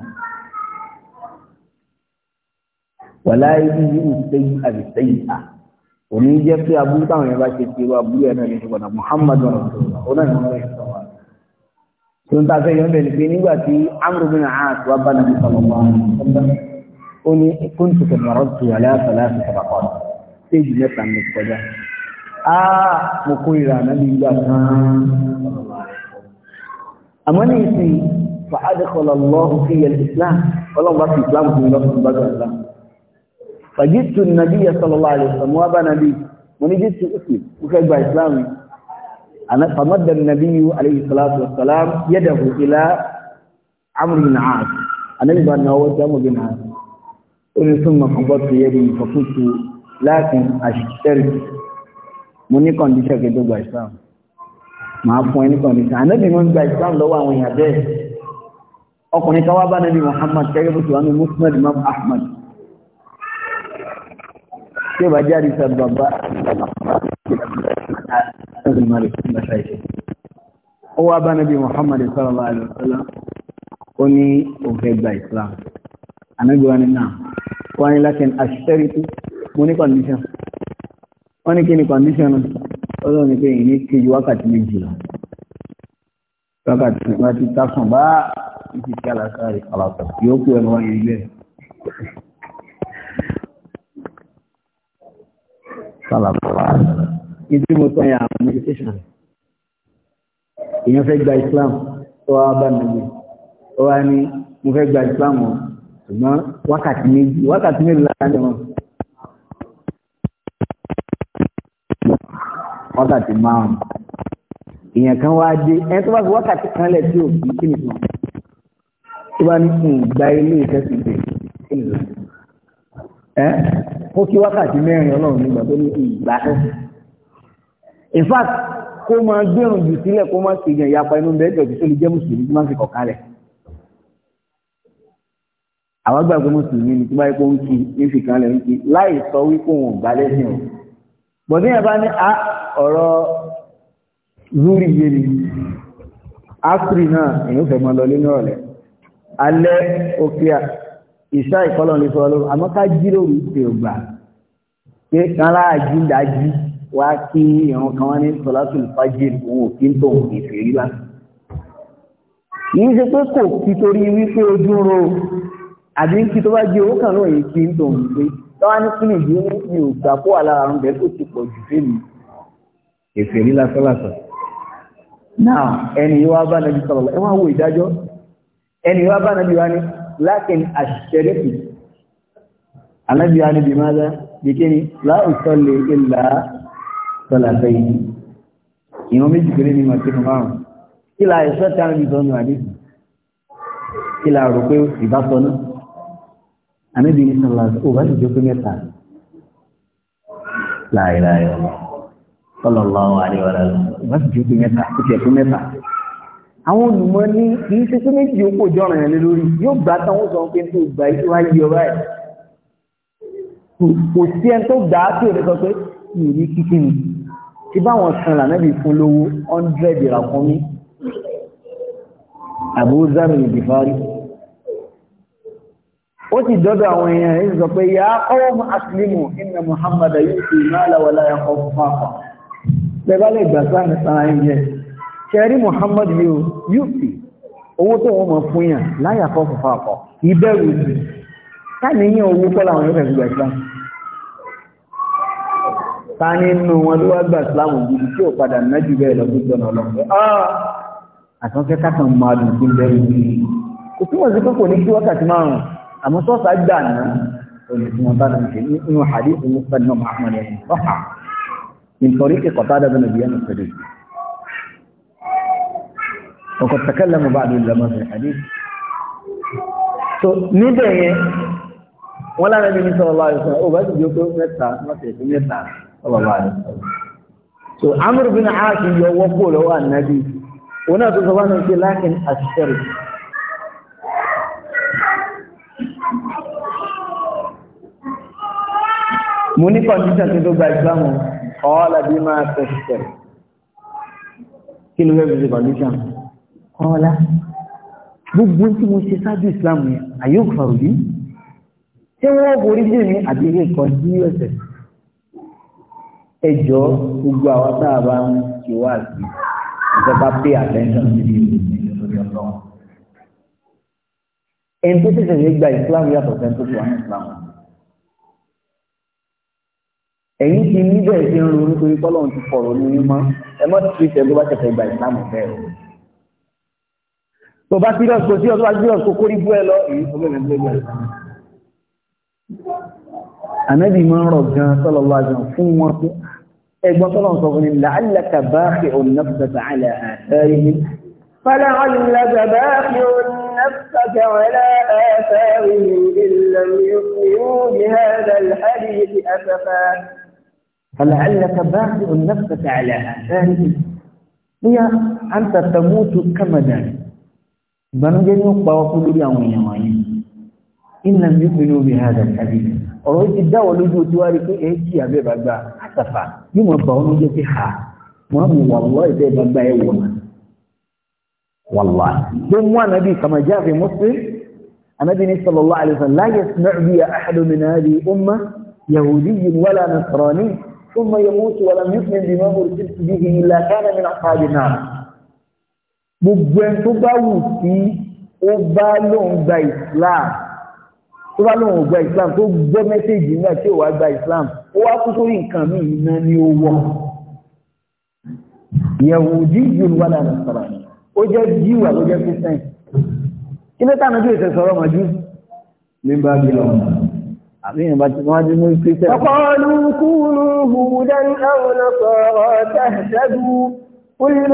wàlá ibi yìí ń sẹ́yìn àbí sẹ́yìn à òní jẹ́ pé abúlé táwọn yẹn bá ṣe ti wá abúlé ẹ̀ náà ní ṣùgbọ́n Muhammad rasulullah ọ̀nà ìwọ̀n rẹ̀ sọ̀rọ̀ tó ń ta fẹ́ yọ̀ bẹ̀rẹ̀ pé nígbà tí amúrú bí náà àti wá bá nàbí sọ̀rọ̀ wá ó ní kóńtù kẹfà rọ́tù aláàfẹ́ láti sọ̀rọ̀ kọ́ séjì mẹ́ta mi kọjá á mo kó ìrà nàbí ìgbà kan àmọ́ ní ìsìn fàádẹ́kọ̀ọ́ lọ́wọ́ fi fàjítù nàbí sallallahu alaihi wasallam wá bá nàbí mo ní jítù ìsìn mo fẹ́ gba ìsìláàmù fàmọ́dà nàbí alayhi salatu wassalam yadahu ila amr bin aas anábì bá náà wọ́n ti amr bin aas ó ní fún mọ̀ kọ́kọ́ tó yẹ kí fọ́kútù láàkín àṣìṣẹ́rì mo ní kọ́ndíṣà kí n tó gba ìsìláàmù màá fún ẹ ní kọ́ndíṣà anábì mo ń gba ọkùnrin kan wá bá nàbí Muhammad kẹ́gẹ́ bó ti wà ní Ahmad sai ba jari sababba ó wá bá nàbí Muhammad sallallahu alaihi wasallam ó ní òfẹ́ gba Islam anábíwá ni náà wọ́n ni lákín aṣẹ́rìtì mo ní condition wọ́n ní kí ni condition ọlọ́run ní pé èyí ní kejì wákàtí méjìlá wákàtí wákàtí tásán bá ìfìkí alákàrí alákàrí yóò kú ẹ̀rọ wáyé ilé sálàpàá ìdí mo tọ́ ya àwọn meditation rẹ̀ èèyàn fẹ́ Islam tó wá bá nàbí ó wá ní mo fẹ́ gba Islam o ṣùgbọ́n wákàtí méjì wákàtí méjì láàárín wọn wákàtí márùn èèyàn kan wá dé ẹni tó bá fi wákàtí kan lẹ̀ tí ò fi kí nìkan tó bá ní gba ilé ìtẹ́sìn bẹ́ẹ̀ kí kó kí wákàtí mẹ́rin ọlọ́run nígbà tó ní ìgbà tó in fact kó máa gbẹ̀rùn jù sílẹ̀ kó máa ṣe ìyàn ìyapa inú bẹ́ẹ̀ jọ̀jú tó lè jẹ́ mùsùlùmí tó máa fi kọ̀ kalẹ̀ àwọn gbàgbé mùsùlùmí ni tó bá yẹ kó ń kí ní fi kan lẹ̀ ń kí láì sọ wípé òun ò gbá lẹ́sìn o bọ̀dé yẹn bá ní a ah, ọ̀rọ̀ zúrì yé ni áfírì náà èyí fẹ́ mọ́ lọ lé ní ọ̀rẹ́ alẹ́ òkè ìṣá ìkọlọ̀ lè fọ́ lóru àmọ́ ká jíròrò ìpè ògbà pé kan láàájú dájú wá kí ìran kan wá ní sọlátù fájì òun ò kí ń tó òun ìfè rí lá. yìí ṣe pé kò kí torí wípé ojú ń ro àbí kí tó bá jẹ owó kan lóòyìn kí ń tó òun pé táwa ní kílì yìí mi ò gbà kó àlára ń bẹ tó ti pọ̀ jù fèmí èfè rí lásánlásán. náà ẹni wá bá nàbí sọ̀rọ̀ ẹ wá wo ìdájọ́ ẹni wá bá nàbí wá ní لكن الشرك النبي يعني بماذا بكني لا أصلي إلا صلاتين يوم يذكرني ما كنت معه إلا يسوع كان بيصلي عليه إلا ركوع إبادة النبي صلى الله عليه وسلم وبعد جوكم لا إله إلا الله صلى الله عليه وسلم بس جوكم يتعب كتير كم يتعب àwọn olùmọ̀ ní kì í ṣe pé méjì yòókù jọ̀ràn yẹn lórí yóò gbà tán ó sọ pé tó gbà yìí wá yí ọba ẹ̀ kò sí ẹni tó gbà á tí òde sọ pé mi ò ní kíkí ni tí báwọn kan lànàbì fún lówó hundred ìràkúnmí àbúrò zami ìdìfárí ó sì dọ́dọ̀ àwọn èèyàn rẹ̀ sọ pé ya ọwọ́ mú asìlímù inna muhammadu yóò fi máa láwọlá ẹ̀kọ́ fún àpá bẹ́ẹ̀ bá lè gbà sáà ní sáà ń ṣẹ̀rí Muhammad yóò yúfì owó tó wọ́n mọ̀ fún yàn láyà kọ́ fòfà kọ́ ìbẹ̀rù ìlú káàníyàn owó kọ́ làwọn yóò fẹ̀sùgbà islam ta ní inú wọn ló wá gba islam gidi tí ò padà ná jù bẹ́ẹ̀ lọ́dún jọ̀nà ọlọ́pẹ́ ah! àtúnṣe kákan máa dùn sí bẹ́ẹ̀ ní kò túmọ̀ sí وقد تكلم بعض العلماء في الحديث so níbẹ̀ yẹn wọ́n lára ẹni sallallahu alaihi wasallam ó bá ti di okó mẹ́ta mọ́tẹ̀ ìpín mẹ́ta sallallahu alaihi wasallam so amúrú bí náà á ti yọ wọ́pọ̀ lọ́wọ́ ànábì òun náà tó sọ wọn ṣe láàkín àṣẹrì mo ní kọ́ndíṣàn tó tó gba ìgbàmù ọ́ọ́lá bí máa tẹ̀sítẹ̀rì kí ló fẹ́ fi ṣe kọ́ndíṣàn kọ́ọ́lá gbogbo tí mo ṣe sáájú islam yẹn àyè òfàrò yìí ṣé wọ́n borí lé mi àbí ilé kan sí ọ̀sẹ̀ ẹjọ́ gbogbo àwọn tá a bá ń ṣe wá sí ìjọba pay attention níbi ìròyìn lórí ọlọ́run ẹni tó tẹ̀sẹ̀ lè gba islam yàtọ̀ sẹ́ni tó ti wà ní islam ẹ̀yin ti níbẹ̀ ṣe ń ronú torí kọ́lọ́run ti fọ̀rọ̀ ní mímọ́ ẹ má ti fi ṣẹ́gun bá ṣẹ̀fẹ̀ gba islam bẹ́ẹ̀ o. tó bá serious kò serious wá serious kò kórí bú ẹ lọ èyí tó bẹ̀rẹ̀ bú ẹ ànábì máa ń rọ̀ gan sallallahu alaihi wasallam fún wọn pé ẹgbọ́n tọ́lọ̀ sọ fún ni la'allaka bākhi'un nafsaka 'alā āthārihim fala'allaka bākhi'un nafsaka 'alā āthārihim in lam yu'minū bihādhā al-ḥadīث asafā فلعلك باخع نفسك على آثارهم هي أنت تموت كمدا ìbànújẹ́ ni ó pa ọkú lórí àwọn èèyàn wọ̀nyí iná mi pinnu omi ha dàbí àbí ọ̀rọ̀ yìí ti dáwọ̀ lójú ojú wa rí pé ẹ jí abẹ́ bá gba àtàfà yóò mọ̀ bá wọn lójú pé ha wọn mú wàlúwà ìbẹ́ bá gba ẹ wọ̀ wọn. wàlúwà ló mú ànábì kàmájà fi Muslim ànábì ní sallallahu alaihi wasallam la yasma'u bi ahadun min hadhihi umma yahudiyyun wala nasrani ثم يموت ولم يؤمن بما أرسلت به إلا كان من أصحاب النار gbogbo ẹni tó bá wù sí ó bá lóun gba islam tó bá lóun gba islam tó gbọ́ mẹ́sẹ̀gì náà tí ò wá gba islam ó wá kú sórí nǹkan míì iná ni ó wọ̀ yẹ̀wùdí yìí wà lára sọ̀rọ̀ ó jẹ́ jíwà ló jẹ́ kristian kí ló tànà bí èsè sọ̀rọ̀ mọ́jú nígbà bí lọ́wọ́ àmìyàn bá ti wọ́n jí mú kristian. ọ̀pọ̀ ọdún kúrú hùwù dẹ́nu àwọn ọ̀nà sọ̀rọ̀ tẹ̀sẹ̀dù قل من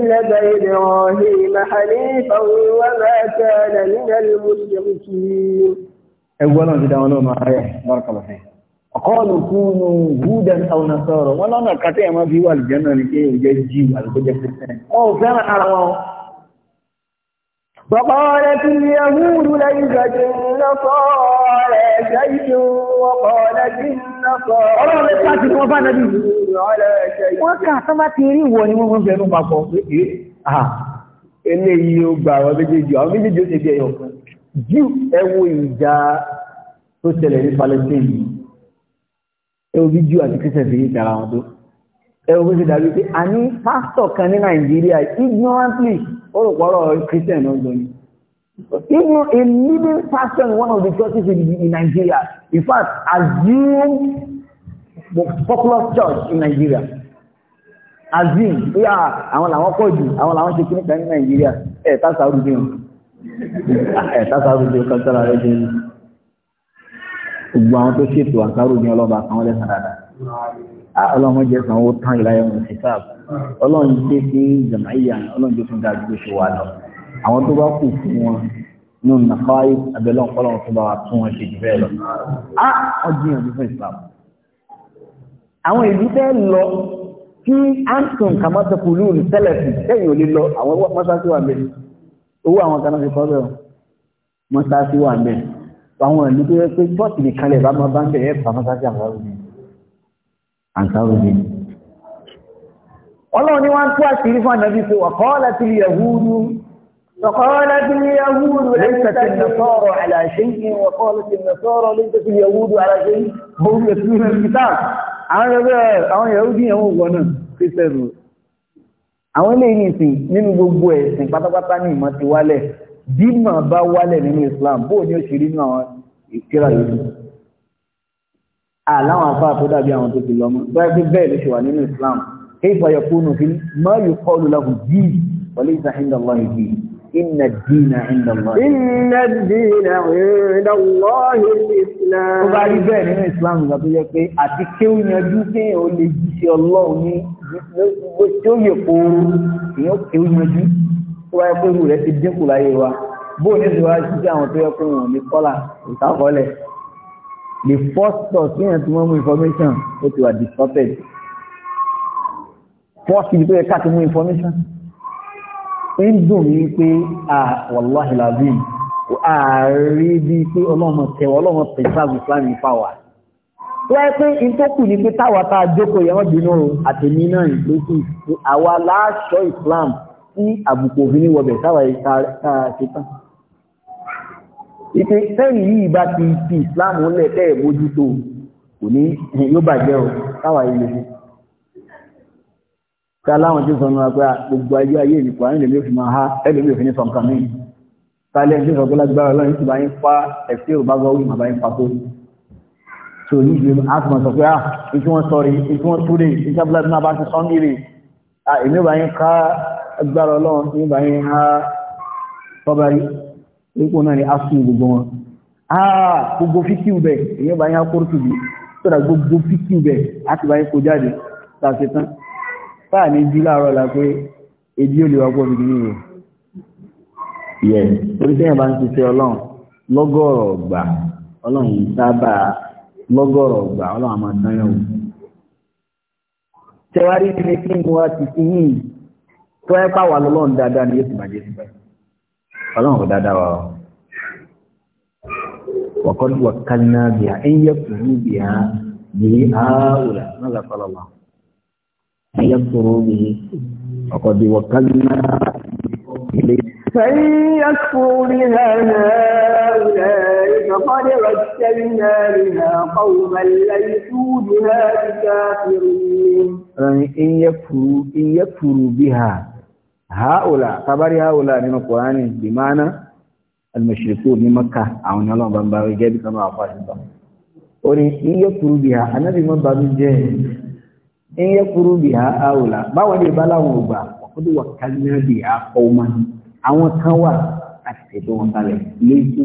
ملة إبراهيم حنيفا وما كان من المشركين أولا جدا ولو ما عليه بارك الله فيك وقالوا كونوا هودا أو نصارى ولا نقطع ما في والجنة لكي يجيب الحجة أو كان على وقالت اليهود ليست النصارى شيء وقالت النصارى ọlọ́run ẹ̀ka ti wọ́n bá nàbí wọ́n ká sọ́mà ti rí wọ ni wọ́n bẹ̀rù papọ̀ pé eh, ah, eléyìí ó gba àwọn méjèèjì àwọn méjèèjì ó ṣe bí ẹyọ kan jù ẹ wo ìjà tó ṣẹlẹ̀ ní Palestine ẹ wo bí jù àti kírísẹ̀ fi ń tara wọn tó ẹ̀wọ̀n fi dàbí pé a ní pásítọ̀ kan ní Nàìjíríà ignorantly orùpọ̀rọ̀ Christian náà gbọ́n ni even a leading pastor in one of the churches in, in Nigeria in fact assume popular church in Nigeria assume pé àwọn làwọn pọ̀ jù àwọn làwọn ṣe kíní kan ní Nigeria ẹ̀ tásà rúbí wọn ẹ̀ tásà rúbí wọn kọ́ńtàrà rẹ̀ jẹ́ gbogbo àwọn tó ṣètò àkárò ní ọlọ́ba àwọn lẹ́sàn dáadáa ọlọ́run jẹ́ san owó tán ìlàyé ọ̀run sísáàb ọlọ́run jẹ́ sí jamaíyà ọlọ́run jẹ́ fún dájú bó ṣe wà lọ àwọn tó bá kù fún wọn ní nàfáì abẹ́lọ́n kọ́lọ́run tó bá wà tún wọn ṣe jù bẹ́ẹ̀ lọ á wọ́n jiyànjú fún islam àwọn ìlú tẹ́ lọ kí anton kàmátọ́kù lù ní tẹ́lẹ̀tì tẹ́yìn ò lè lọ àwọn mọ́sáàsì wà bẹ́ẹ̀ owó àwọn kan fi kọ́ mọ́sáàsì wà bẹ́ẹ̀ àwọn ìlú tó yẹ pé bọ́ọ̀sì nìkan lè bá máa bá ń tẹ̀lé ẹ̀fà mọ́sáàsì àwọn ọ̀rọ̀ àǹsáwùdí. ọlọ́run ni wọ́n ń tú àṣírí fún ànábì pé ọ̀kọ́ọ́lá ti lè wúrú ọ̀kọ́ọ́lá ti lè wúrú lẹ́sẹ̀ tí ń sọ̀rọ̀ àlàṣe yìí ọ̀kọ́ọ́lá ti ń sọ̀rọ̀ lẹ́sẹ̀ tí lè wúrú àlàṣe yìí bóun lè tún lè fi táà àwọn ṣe rí nínú àwọn àláwọn afá tó dàbí àwọn tó ti lọ mọ́ tó ẹgbẹ́ bẹ́ẹ̀ ló ṣe wà nínú Islam kéfà yakunu fi ma yuqalu lahu díì wọlé ìsàhíndà lọ́hì díì inna ad-dina 'inda Allah inna ad-dina 'inda Allah al-Islam tó bá rí bẹ́ẹ̀ nínú Islam ìgbà tó yẹ pé àti kéwù yanjú kéèyàn ó lè jíṣẹ́ ọlọ́run ní bó tí ó yẹ kóoru èèyàn kéwù yanjú tó wáyé pé irú rẹ̀ ti dínkù láyé wa bóun ní the first source ní ẹ̀ tí wọ́n mú information ó ti wà distorted first ibi tó yẹ ká ti mú information ń dùn mí pé à wàláhì làbí ààrí bíi pé ọlọ́mọ tẹ̀wọ́ ọlọ́mọ preserve islamic power wọ́n pé in tó kù ní pé táwa tá a jókòó yẹn wọ́n bínú àtẹ̀mí náà ìgbésí àwa láàṣọ islam tí àbùkù òfin ní wọbẹ̀ táwa yìí tá a ṣe tán ìpè sẹ́yìn yìí bá ti fi islam lẹ̀ tẹ́ ẹ̀ mójútó kò ní yóò bàjẹ́ o káwa ilé ká láwọn tí sọ nínú pé ah, gbogbo ayé ayé ìrìnkù àwọn èlèmí òfin máa ha ẹlòmí òfin ní sọǹkan mí tálẹ́ tí sọ pé lágbára ọlọ́run ti bá yín pa ẹ̀fẹ́ ò bá gbọ́ wí màbá yín pa tó tó ní ìlú asùnmọ̀ sọ pé à ah, ní tí wọ́n sọ rí ní tí wọ́n tú rí ní sábúlá tí wọ́n bá ti sọ ní rí ah, èmi ò bá yín ká agbára ọlọ́run èmi ò bá yín ipò náà ni a sún gbogbo wọn àà gbogbo fíkíù bẹ̀ èyàn bá yá kórùtù bí sọ́dá gbogbo fíkíù bẹ̀ láti bá yín kó jáde tàṣẹ tán táà ní jí láàárọ̀ la pé èdè ò lè wá gbọ́dọ̀ nínú rẹ̀ yẹ orí tẹ́yìn bá ń ṣiṣẹ́ ọlọ́run lọ́gọ́rọ̀ ọ̀gbà ọlọ́run yìí sábà lọ́gọ́rọ̀ ọ̀gbà ọlọ́run àmọ́ sáyẹn wò tẹwárí ní kí ni wọ́n ti fi yìí tọ́ ẹ́ pàwọ́ lọ́lọ́run dáadáa ni yóò ti bàjẹ́ síbẹ̀. ọlọ́run kò dáadáa wa wọ́kọ́ wọ́kálná bí i ẹ̀yẹ kùrú bí i bí i ààrùn náà lọ́kọ́lọ́ wa ẹ̀yẹ kùrú bí i ọkọ̀ bí wọ́kálná ilé. فإن يكفر بها هؤلاء فقد رتبنا بها قوما ليسوا بها بكافرين. إن يكفروا إن يكفروا بها haula tabari haula nínú kòránì bìmánà alìmọ̀ṣirikú ní maka àwọn ni ọlọ́run bá ń bá rí gẹ́bí kan náà fàṣẹ sọ ó kuru bìhá anábì mọ́ bá mi jẹ́ kuru bìhá haula báwọn lè bá láwọn ògbà ọkọ̀dé wa kálíná bìhá ọmọ àwọn kan wà láti tètè wọn kalẹ̀ lẹ́sùn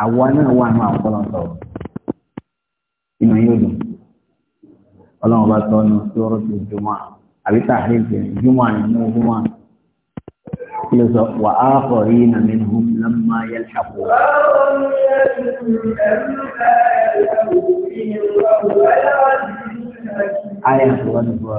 àwọn náà wà ní àwọn ọlọ́run sọ̀rọ̀ inú yóò dùn ọlọ́run bá sọ ní sọ́rọ́ tó jùmọ̀ àbí tààrí ìpè jùmọ̀ nínú jùmọ̀ kí ló sọ wà á kọ̀ rí iná mi nù lọ́mọ yẹn ṣàpò. ayé àti wọn ti bọ̀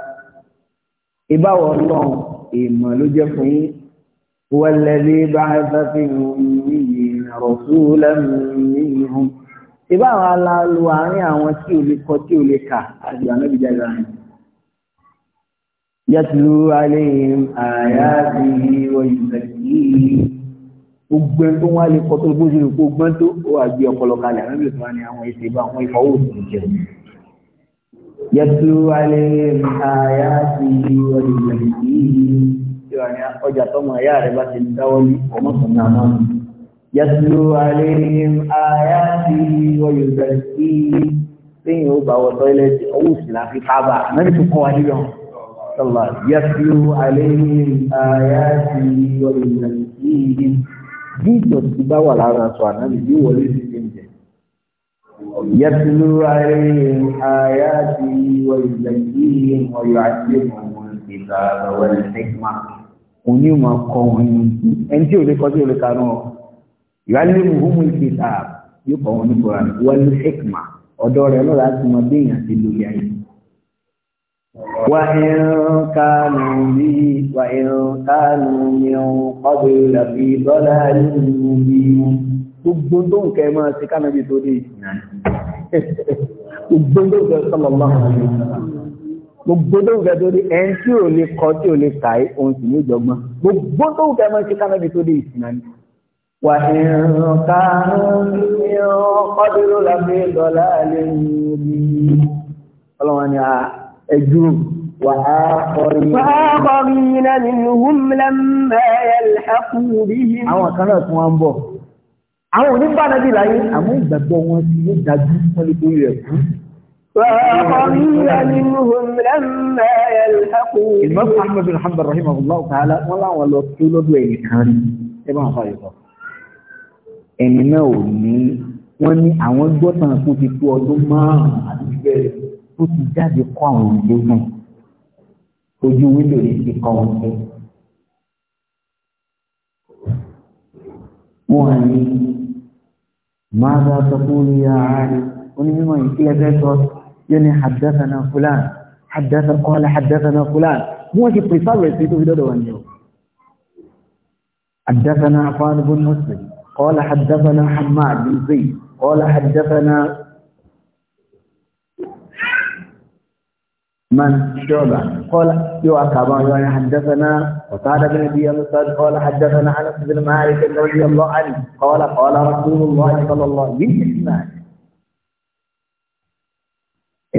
ìbáwọ̀ ọlọ́run ìmọ̀ ló jẹ́ fún yín wọ́lẹ́lẹ́ bá sáfì rọ̀súlẹ́mìíràn ìbáwọ̀ aláàlú àárín àwọn tí ò lè kọ tí ò lè kà àti ànábì jáde rẹ̀ yàtúlú aléhìn àyàtì wọ̀nyí gbogbo tó wá lè kọ tó gbóṣèlú gbogbo tó wà gbé ọpọlọ kalẹ̀ ànábì tó wá ní àwọn ìṣèbá àwọn ìfọwọ́sì jẹun yẹtu alẹ àyà ti ọdún yìí yóò ní ọjà tọmọ ẹyà rẹ bá ti ń dáwọ́ ní ọmọkùnrin náà náà yẹtu alẹ àyà ti ọdún yìí lẹ́yìn ó bá wọ tọ́ílẹ̀tì owó sì láfi kábà mẹ́rin tó kọ́ wa nílò sọlá yẹtu alẹ àyà ti ọdún yìí bí ìdọ̀tí bá wà lára sọ àná yìí wọlé sí. يتلو عليهم آياته ويزكيهم ويعلمهم الكتاب والحكمة ونيما قوم انت يقول لك يقول لك يعلمهم الكتاب يقوم القرآن والحكمة ودور الله لا تمدين يتلو عليه وإن كانوا به وإن كانوا من قبل في ضلال مبين gbogbo tó ń kẹ máa ṣe kánàbí tó dé gbogbo tó ń kẹ sọlọ́mọ́ gbogbo tó ń kẹ tó dé ẹni tí ò lè kọ tí ò lè kà í ohun sì ní ìjọgbọ́n gbogbo tó ń kẹ máa ṣe kánàbí tó dé ìsìn náà wà ìrìn kàánú ní ọdúró lábẹ́ ìdọ́lá alẹ́ ní ọlọ́wọ́n ni ẹjú wà á kọrin. wà á kọrin nínú hùm lẹ́mọ̀ ẹ̀ lẹ́kùn bí. àwọn kan náà tún wá ń bọ̀ àwọn onígbà náà bí láyé àmọ́ ìgbàgbọ́ wọn ti ló dájú wọn lè torí rẹ̀ kú. Ìmọ̀ Ahmed bin Hanbal rahimahullah ta'ala wọ́n láwọn lọ tó lọ́dọ̀ ẹ̀yìn kan rí ẹ bá wọn fà yọ̀. Ẹni náà ò ní wọ́n ní àwọn gbọ́tàn kó ti tó ọdún márùn-ún àti bẹ́ẹ̀ tó ti jáde kọ́ àwọn ìlú náà. Ojú wíńdò ní ti kọ́ wọn sí. Wọ́n á ní ماذا تقول يا عالم ونمما يكلفه يعني حدثنا فلان حدث قال حدثنا فلان مو في بريفابل في دودو وانيو حدثنا عفان بن مسلم قال حدثنا حماد بن زيد قال حدثنا من شعبة قال يؤكى بان حدثنا وقال بن ابي مسعود قال حدثنا انس بن مالك رضي الله عنه قال قال رسول الله صلى الله عليه وسلم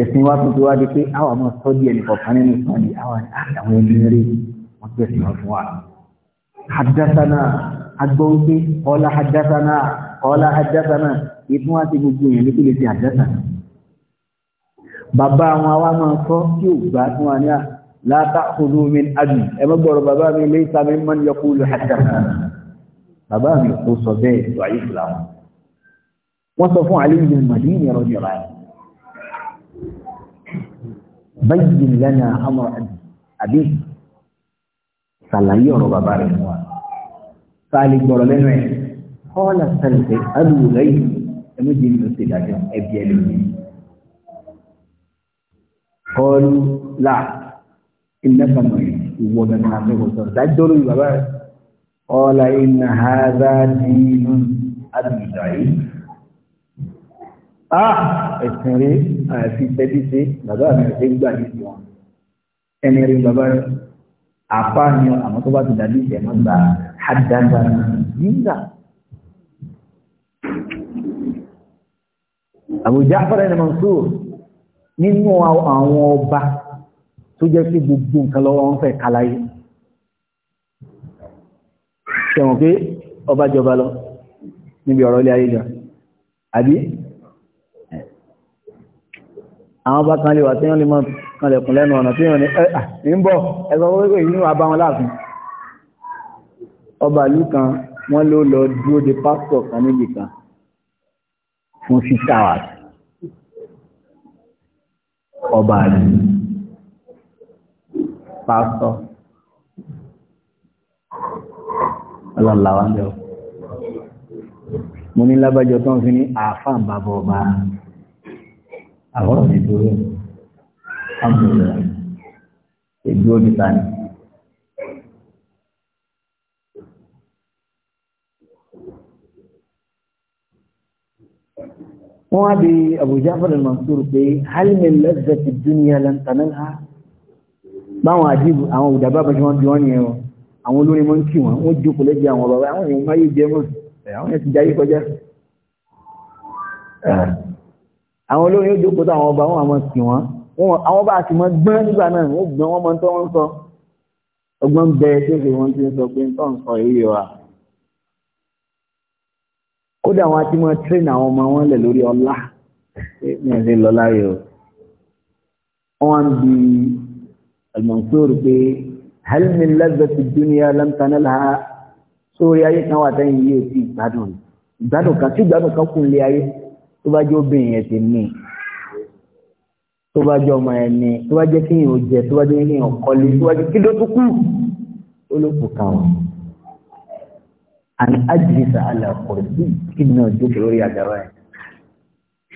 ẹ̀sìn wa tuntun wa di pé àwọn ọmọ sọ́dí ẹni kọ̀ọ̀kan nínú ìsọ̀dí àwọn àwọn ẹgbẹ̀rẹ̀ wọ́n ti ẹ̀sìn wọn fún wa. hadasana agbóhùnpé kọ́lá hadasana kọ́lá hadasana ìfún wa ti gbogbo èèyàn ní kí lè ti hadasana bàbá wọn àwa máa kọ́ tí ò gbà fún wa ní à látàkùnú mi àbí ẹmọ́gbọ̀rọ̀ bàbá mi lè sàmì mọ́ ní ọkùnrin lọ́hàtà bàbá bin Madini rọ́jọ́ rà báyìí lẹ́nà àmọ́ àbí sàlàyé ọ̀rọ̀ bàbá rẹ̀ fún wa sáàlì gbọ́rọ̀ lẹ́nu ẹ̀ kọ́ọ̀lá sàlẹ̀ àdúgbò lẹ́yìn ẹ̀mí jẹ́ ìlú ṣèdájọ́ ẹbí ẹlẹ́yìn قالوا لا إنك مريض ومن حقه يا بابا قال إن هذا دين أبي ضعيف آه اسمري إيه؟ آه، في سي بابا أنا مرتين بعد يوم أمري بابا أفاني أما تبغى تدلي كمان با حدثنا جندا أبو جعفر المنصور nínú àwọn ọba tó jẹ́ sí gbogbo nǹkan lọ́wọ́ wọn fẹ́ kàláyé ṣẹ̀wọ̀n pé ọba jọba lọ níbi ọ̀rọ̀ ilé ayé jọ àbí àwọn ọba kan lè wà tí wọ́n lè mọ́ kanlẹ̀kùn lẹ́nu ọ̀nà tí wọ́n ní ẹ́ ń bọ̀ ẹgbẹ́ wọ́wọ́ inú àbá wọn láàfin ọba ìlú kan wọ́n ló lọ dúró de pásítọ̀ kan níbì kan fún six hours ọba àlè pásítọ̀ ọlọ́láwá jọ mo ní lábájọ tó ń fi ní àáfàá bàbá ọba àwọ̀rọ̀ mi dúró àbúrò rẹ̀ èdúró níta wọ́n á bi Abu Ja'far al-Mansur pé hal min lazzati dunya lan tanalha báwọn àdìbò àwọn òdàbà bá ṣe wọ́n bí wọ́n yẹn o àwọn olórin mọ́ ń kí wọn wọ́n jókòó lẹ́jẹ́ àwọn bàbá àwọn èèyàn máyé jẹ́ mọ́ àwọn èèyàn ti jáyé kọjá àwọn olórin yóò jókòó táwọn ọba wọn àmọ́ kí wọn àwọn bá ti mọ́ gbọ́n nígbà náà wọ́n gbọ́n wọn mọ́ tó wọ́n sọ ọgbọ́n bẹ tó ṣe wọ́n ti sọ pé nǹkan èyí wa kódà wọn ti máa train àwọn ọmọ wọn lẹ̀ lórí ọlá ní ẹ̀sìn lọ́lá yìí o wọn bí Al-Mansur pé hal min lazzati dunya lam tanalha sórí ayé kan wà tẹ́yìn yìí ò sí ìgbádùn ìgbádùn kan tí ìgbádùn kan kún lé ayé tó bá jẹ́ obìnrin ẹ̀ ti ní tó bá jẹ́ ọmọ ẹ̀ ní tó bá jẹ́ kéèyàn jẹ tó bá jẹ́ kéèyàn kọ́lé tó bá jẹ́ kí ló tún kú ó ló kù kàwọn. أن أجلس على كرسي إنه الذكر يدرين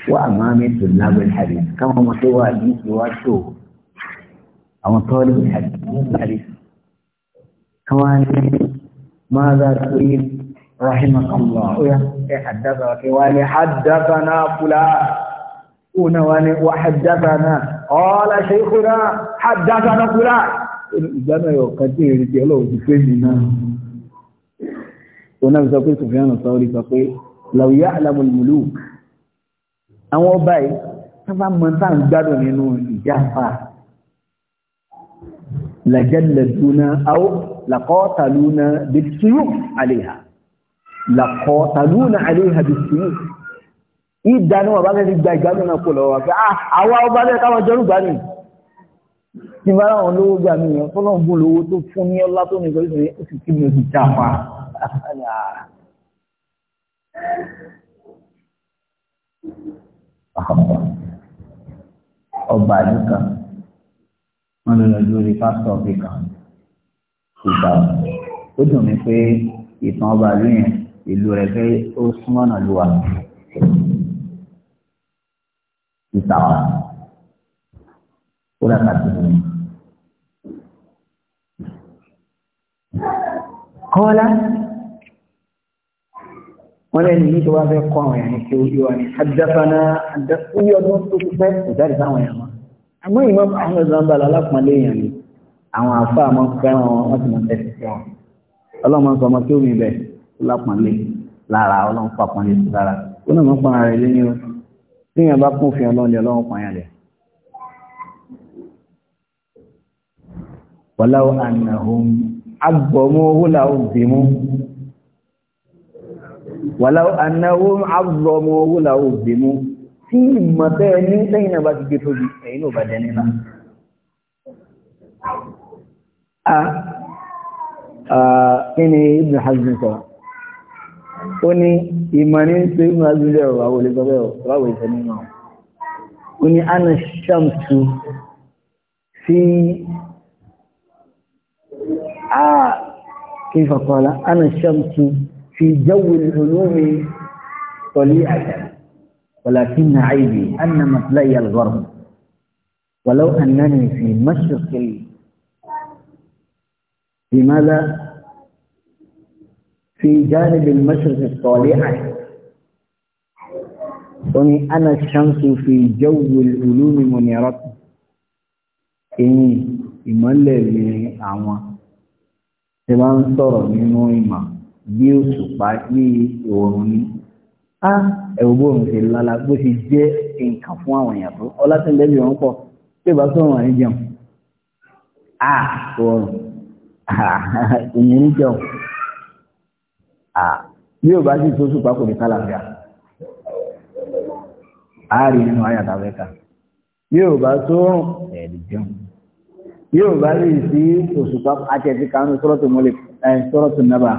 وأمامي طلاب الحديث كما ما سوى حديث واتو أما طالب الحديث كما ماذا تريد رحمك الله يا حدثك ولي حدثنا فلان هنا وحدثنا قال شيخنا حدثنا فلان ìgbàna yóò kan tí èrè tí ọlọ́run ti oná fi sọ pé sùfìyàn sọ́ọ́rí sọ pé lọ́ọ̀yà alámọ̀lùmùlù àwọn ọba yìí wọ́n bá mọ tá à ń gbádùn nínú ìjàpá làjẹ́lẹ̀dúnà áwọ́ làkọ́tàlúnà bìtìrù àlèhà làkọ́tàlúnà àlèhà bìtìrù ìdáná wà bá fẹ́ fi gba ìgbádùn náà kò lọ́wọ́ pé ah, àwa ọba bẹ́ẹ̀ káwọn jẹ́rù gbá nìyí tí bá ráwọn olówó gbà mí yẹn fọlọ́n bùn lówó tó fún ní ọlá tó ní ìgbésẹ̀ ọba àdúkà wọn lọ lọ lórí pásítọ̀ afrika ìgbà ó dùn mí pé ìtàn ọba ìlú yẹn ìlú rẹ̀ fẹ́ ó súnmọ́ náà ló wà ìta wa ó dàgbà tó nìyẹn kọ́lá wọ́n lẹ́nu yìí tó wá fẹ́ kọ́ àwọn èèyàn tí ó yíwa ní àdáfáná àdáfúyí ọdún tó ti fẹ́ ìjáde sáwọn èèyàn wọn àmọ́ ìmọ̀ àwọn ìzọ́nba alápọ̀nlé èèyàn ni àwọn afá àmọ́ fẹ́ràn wọn wọ́n ti mọ̀ tẹ́sí sí wọn ọlọ́mọ sọ ọmọ tí ó rí bẹ́ẹ̀ lápọ̀nlé lára ọlọ́run pàpọ̀nlé sí lára ó náà mọ̀ pọ̀nra rẹ̀ lé o tí èèyàn bá kún òfin ọlọ́run ọlọ́run pọ̀nyà lẹ̀ wọ́láwọ́ agbọ̀mú owó làwọn bímú wàláwọ́ anáwó agbọ̀mú owó làwọn bímú tí ìmọ̀tẹ́ ní lẹ́yìn náà bá ti gbé tóbi ẹ̀yìn náà bá dẹ nílá kí ni Ibn Hazm sọ ó ní ìmọ̀ ní ṣe Ibn Hazm ọ̀rọ̀ àwọn olùgbọ́bẹ̀ ọ̀rọ̀ àwọn ìṣẹ́ آه كيف قال أنا الشمس في جو العلوم طليعة ولكن عيبي أن مطلي الغرب ولو أنني في مشرق لماذا في ماذا في جانب المشرق الطالعة قولي أنا الشمس في جو العلوم منيرة إني يملي من أعوان tí wọ́n ń sọ̀rọ̀ nínú ìmọ̀ bí òṣùpá bí òòrùn ni á ẹ̀wọ̀gbọ́n ṣe lálá bó ṣe jẹ́ nǹkan fún àwọn èèyàn tó ọlátìlẹ́bí wọn pọ̀ tí ìbá sọ̀rọ̀ wọn jẹun á òòrùn ìyẹn ń jẹun bí ò bá sì tó òṣùpá kò ní kálàfíà á rí nínú ayàtàfẹ́ka bí ò bá sọ̀rọ̀ ẹ̀ẹ́dì jẹun. yóò bá rí sí òṣùpá àti ẹ̀sìn kanú sọ́rọ́tù mọ́lẹ̀ sọ́rọ́tù nàbà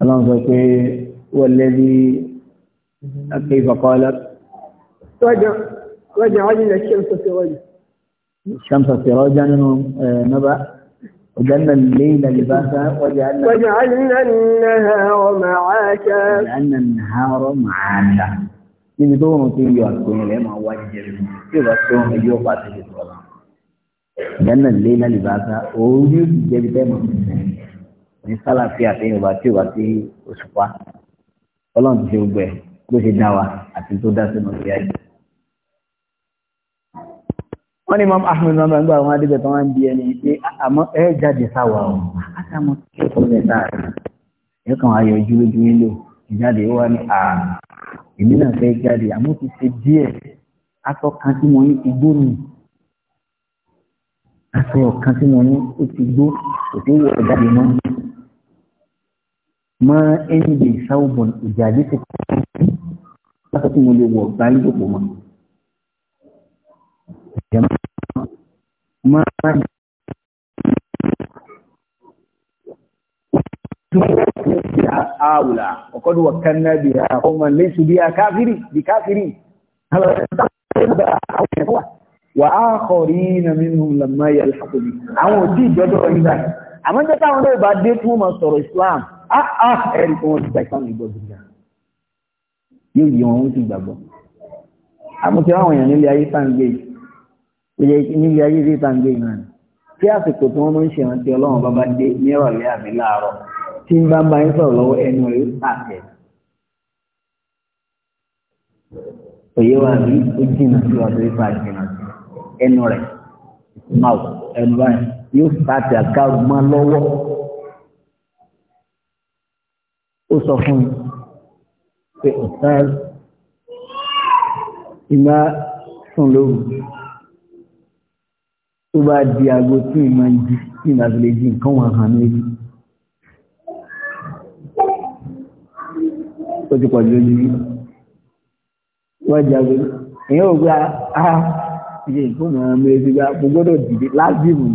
ọlọ́run sọ pé wọlé bí akéwì kọ̀kọ́ الشمس سراجا الشمس سراجا وجعلنا الليل لباسا وجعلنا النهار معاشا وجعلنا النهار معاشا من دون تيجي أكون لما وجد يبقى يوم يوقع تجد lẹ́nà lé náà libasa òun yóò sì jẹ́bi tẹ́mọ̀ ní sálàfíà àtẹ̀yìn ọba tí òba tí òṣùpá ọlọ́run ti ṣe gbogbo ẹ̀ bó ṣe dá wa àti tó dá sínú ìyá yìí. wọ́n ní imam ahmed náà gbàgbọ́ àwọn adébẹ̀ tó wọ́n ń di ẹni pé ah, àmọ́ ẹ jáde sáwà o àtàmọ́ ah, kẹ́kọ̀ọ́ rẹ̀ sáà ẹ kàn ayọ̀ ojú lójú nílò ìjáde ó wà ní à ah, èmi náà fẹ́ jáde àmọ́ ti ṣe díẹ̀ atọ́kan tí mo ń igbó aṣọ ọ̀kan tí mo ní ó ti gbó kò sí wọ ìjáde mọ́ mọ ẹni lè ṣàwùbọ̀ ìjáde ti kọ́ lọ́sọ̀ tí mo lè wọ̀ gbá ìjòkó mọ́ mọ àwùlà ọ̀kọ́dù wọ̀kan náà bí i ọmọ lẹ́sùn bí i káfírì bí káfírì. Hello, that's the wà á kọ̀ rí iná nínú lọ́mọ yẹ alhàkùnmí àwọn òtí ìjọdọ̀ ìgbà àmọ́jẹ́ táwọn náà bá dé fún ọmọ sọ̀rọ̀ Islam áà ẹ̀rí tí wọ́n ti tẹ̀sán ìgbọ̀dọ̀ ìgbà yóò yí wọn ti gbàgbọ́ àmọ́tí àwọn èèyàn nílé ayé tí àsìkò tó ipa ìjìnnà ẹnu rẹ̀ mouth ẹnu báyìí yóò fàtí àkàrò mọ́ lọ́wọ́ ó sọ fún un pé ọ̀sán ìgbà sùn lóru tó bá di aago tí ìmọ̀ ń jí tí ìmọ̀ àti lè jí nǹkan wọn hàn méjì. ó ti pọ̀ jù lójú wọ́n di aago èèyàn ò gba ah, iye ìfúnmọ̀ ọmọ ẹgbẹ́ mo gbọ́dọ̀ dìde lásìmù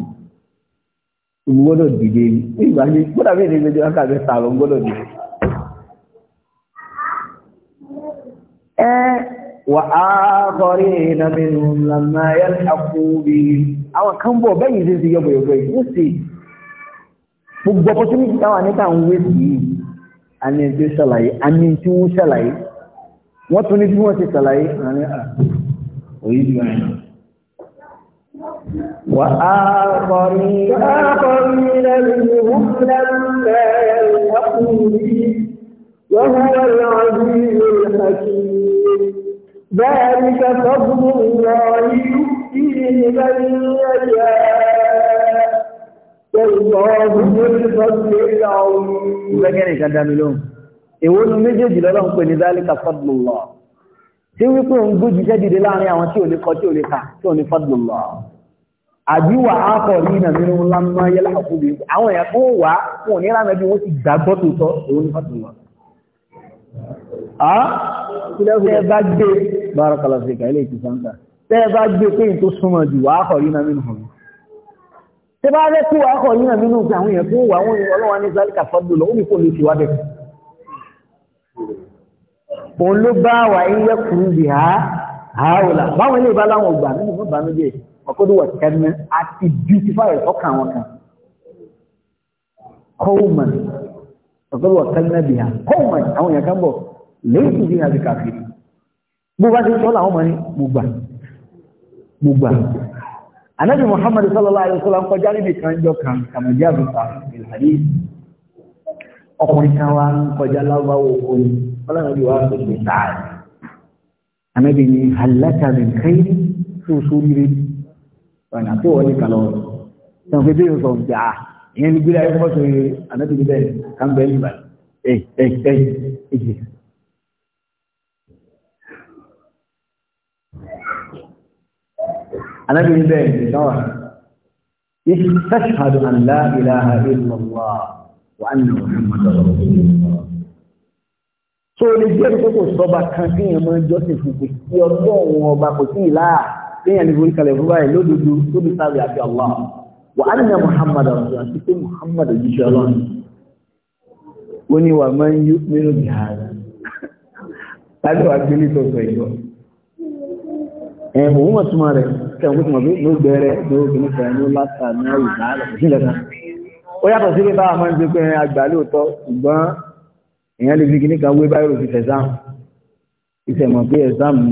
mo gbọ́dọ̀ dìde ní ìgbà ní gbọ́dọ̀ bí èdè méjì wákàtí sàrọ̀ gbọ́dọ̀ dìde. ẹ wà á kọrí ìnàmì lànà yàtàkù bí àwọn kan bọ̀ bẹ́yìn sí ti yọ̀bọ̀yọ̀bọ̀ yìí ó sì gbogbo opportunity táwọn níta ń wé sí yìí a ní ẹgbẹ́ ṣàlàyé a ní tí wọ́n ṣàlàyé wọ́n tún ní tí wọ́n ti ṣàlàyé àárín àà òyìnbó àìyàn وآخرين آخرين منهم لما يلحقوا به وهو العزيز الحكيم ذلك فضل الله يؤتيه من يشاء والله ذو الفضل العظيم. لكن كان دامي لهم. يقولوا ميجي جلالهم كوني ذلك فضل الله tí wípé òun gbójú jẹ́ dìde láàrin àwọn tí ò lè kọ tí ò lè kà tí ò ní fadlullah àbíwà ápọ̀ rí ìnà nínú ńlá mọ́ yẹ́lá àkúbí àwọn èèyàn tó wà fún òní ìlànà bí wọ́n ti gbàgbọ́ tó tọ́ òun ní fadlullah ah, tẹ́ bá gbé bárakàlà fèkà ilé ìtì sáńtà tẹ́ bá gbé pé tó súnmọ́ jù wà ápọ̀ rí ìnà nínú hàn òun ló bá wà ń yẹ kúrú bì á àáwòlà báwọn ilé ìbáláwọn ògbà nínú fún ìbànújẹ́ ọkọdọ wà kẹmẹ àti beautify ọkàn wọn kan coleman ọkọdọ wà kẹmẹ bì á coleman àwọn èèyàn kan bọ lẹ́yìn tó bí i àti kàfíìrì bó bá ti sọ làwọn ọmọ ní gbogbo gbogbo anabi muhammad sallallahu alaihi wasallam kọjá níbi kan jọ kan kàmọjá bùkà ìlàdí ọkùnrin kan wá ń kọjá lábáwò oyin ولا يوافق بالسعادة أنا بني هل لك من خير شو سوري وأنا أقول لك الله سوف يبيه صوم جاء يعني يقول لي أيها بصري أنا بني بني كان بني بني إيه إيه إيه إيه أنا بني بني شو تشهد أن لا إله إلا الله وأن محمد رسول الله tó lè jẹ́ pé kò sọba kan tí èèyàn máa ń jọ́sìn fún pé kí ọlọ́run ọba kò sí ìlà téèyàn ní orí kalẹ̀ fún báyìí lódodo tó ní sáré àti Allah wà á nìyà Muhammad àwọn àti pé Muhammad òjíṣẹ́ ọlọ́run ó ní wà máa ń yú nínú ìhàrá láti wà gbé ní tọ̀tọ̀ ìjọ ẹ̀hùn òun mọ̀túnmọ̀ rẹ̀ kẹ́ ọ̀gbọ́n mọ̀ ló bẹ̀rẹ̀ ló bẹ̀rẹ̀ fẹ̀rẹ̀ ló látà náà ìdáàlẹ̀ ó yàtọ̀ sí pé báwa máa ń gbé pé àgbà èèyàn lè fi kíní wé báyìí òfin fẹ̀sán ìṣẹ̀mọ̀ pé ẹ̀sán mi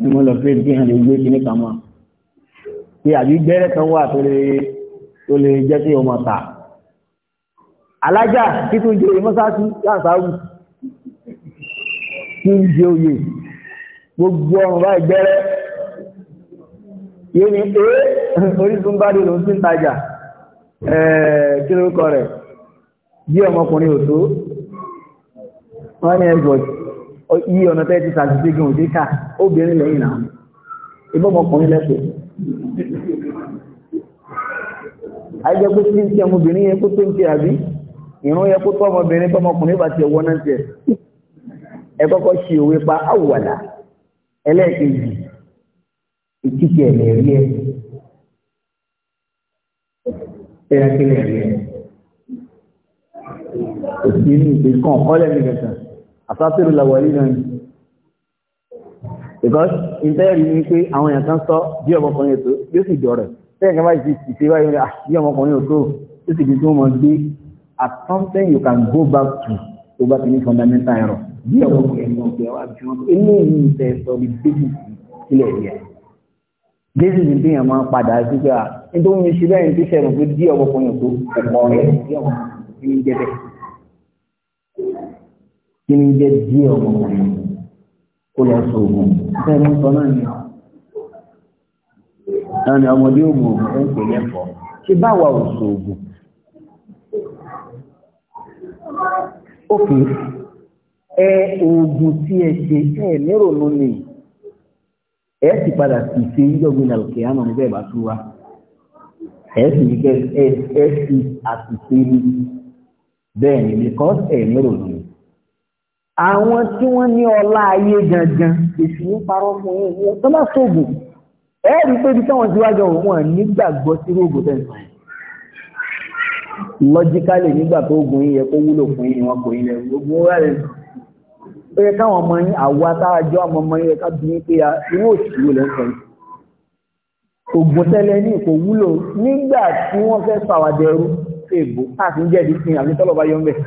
ni mo lọ fẹ́ kí èèyàn lè wé kíní kan mọ́ pé àbí gbẹ́rẹ́ kan wà tó lè tó lè jẹ́ sí ọmọ ta alájà títún jẹ́ ìmọ́sáàtú láǹsáàrù kí ń jẹ oyè gbogbo ọrùn báyìí gbẹ́rẹ́ yé ni pé orísun bá dé lòún sí ń tajà kí lórúkọ rẹ̀ bí ọmọkùnrin òtó wọ́n ní ẹjọ́ yí ọ̀nà tẹ́ ti sàtìsí gan òdí ká obìnrin lẹ́yìn náà ìbọ́mọkùnrin lẹ́pẹ́ ajẹ́ pé tí ń tẹ ọmọbìnrin yẹ kó tó ń tẹ àbí ìrún yẹ kó tó ọmọbìnrin tọmọkùnrin bá ti ẹwọ́ náà tẹ ẹ kọ́kọ́ ṣe òwe pa àwàdà ẹlẹ́ẹ̀kejì ìkíkẹ́ ẹ̀rí ẹ ẹ̀rẹ́kẹ́lẹ̀ ẹ̀rí ẹ òsì inú ìgbésí kan ọ̀kọ́lẹ̀ mi kẹsàn-án àsátìrù làwọ̀ yìí náà because ìtẹ́rì ni pé àwọn èèyàn kan sọ bí ọmọkùnrin ètò yóò sì dọ̀rẹ̀ tẹ́yìn kan báyìí ti ṣe báyìí bí ọmọkùnrin ètò ó sì di tí mọ̀ gbé at something you can go back to tó bá ti ní fundamental error bí ọmọkùnrin ètò ọ̀pẹ̀ wà bí wọ́n eléyìí ń tẹ sọ ní basic sílẹ̀ yẹn basic ní bí padà sí pé à nítorí mi ṣe bẹ́ẹ̀ ní tíṣẹ̀ rò pé bí ọmọkùnrin ètò ọ̀pọ̀ rẹ̀ bí ọmọkùnrin ètò kí ni jẹ́ díẹ̀ ọmọ wọn kó lọ sọ ògùn bẹ́ẹ̀ mú sọ náà ni náà ni ọmọdé ògùn ẹ̀ ń pè lẹ́fọ̀ọ́ ṣe báwa ò sọ ògùn òkè ẹ ògùn tí ẹ ṣe ẹ lérò ló ní ẹ sì padà sì ṣe yíyọ̀gbìn àlùkè àmọ́ níbẹ̀ bá tú wa ẹ sì ní kẹ ẹ sì àtìṣe ní bẹ́ẹ̀ ni because ẹ lérò ló ní àwọn tí wọ́n ní ọlá ayé gangan èsì ń parọ́ fún yín tó bá ṣògùn ẹ̀ẹ́dì pé ibi táwọn síwájú wọn nígbàgbọ́ sí rògbò bẹ́ẹ̀ lọ́jíkálì nígbà tó ogun yín yẹ kó wúlò fún yín wọn kò yín lẹ gbogbo rẹ̀ ó yẹ káwọn ọmọ yín àwọ atájọ ọmọ ọmọ yín yẹ ká bí yín pé inú òṣìwò lẹ́ ń sọ yìí ogun tẹ́lẹ̀ ní kò wúlò nígbà tí wọ́n fẹ́ sàwádẹ́rú fèèbó káàkiri jẹ̀dí sí àbí tọ́lọ̀ bá yọ ń bẹ̀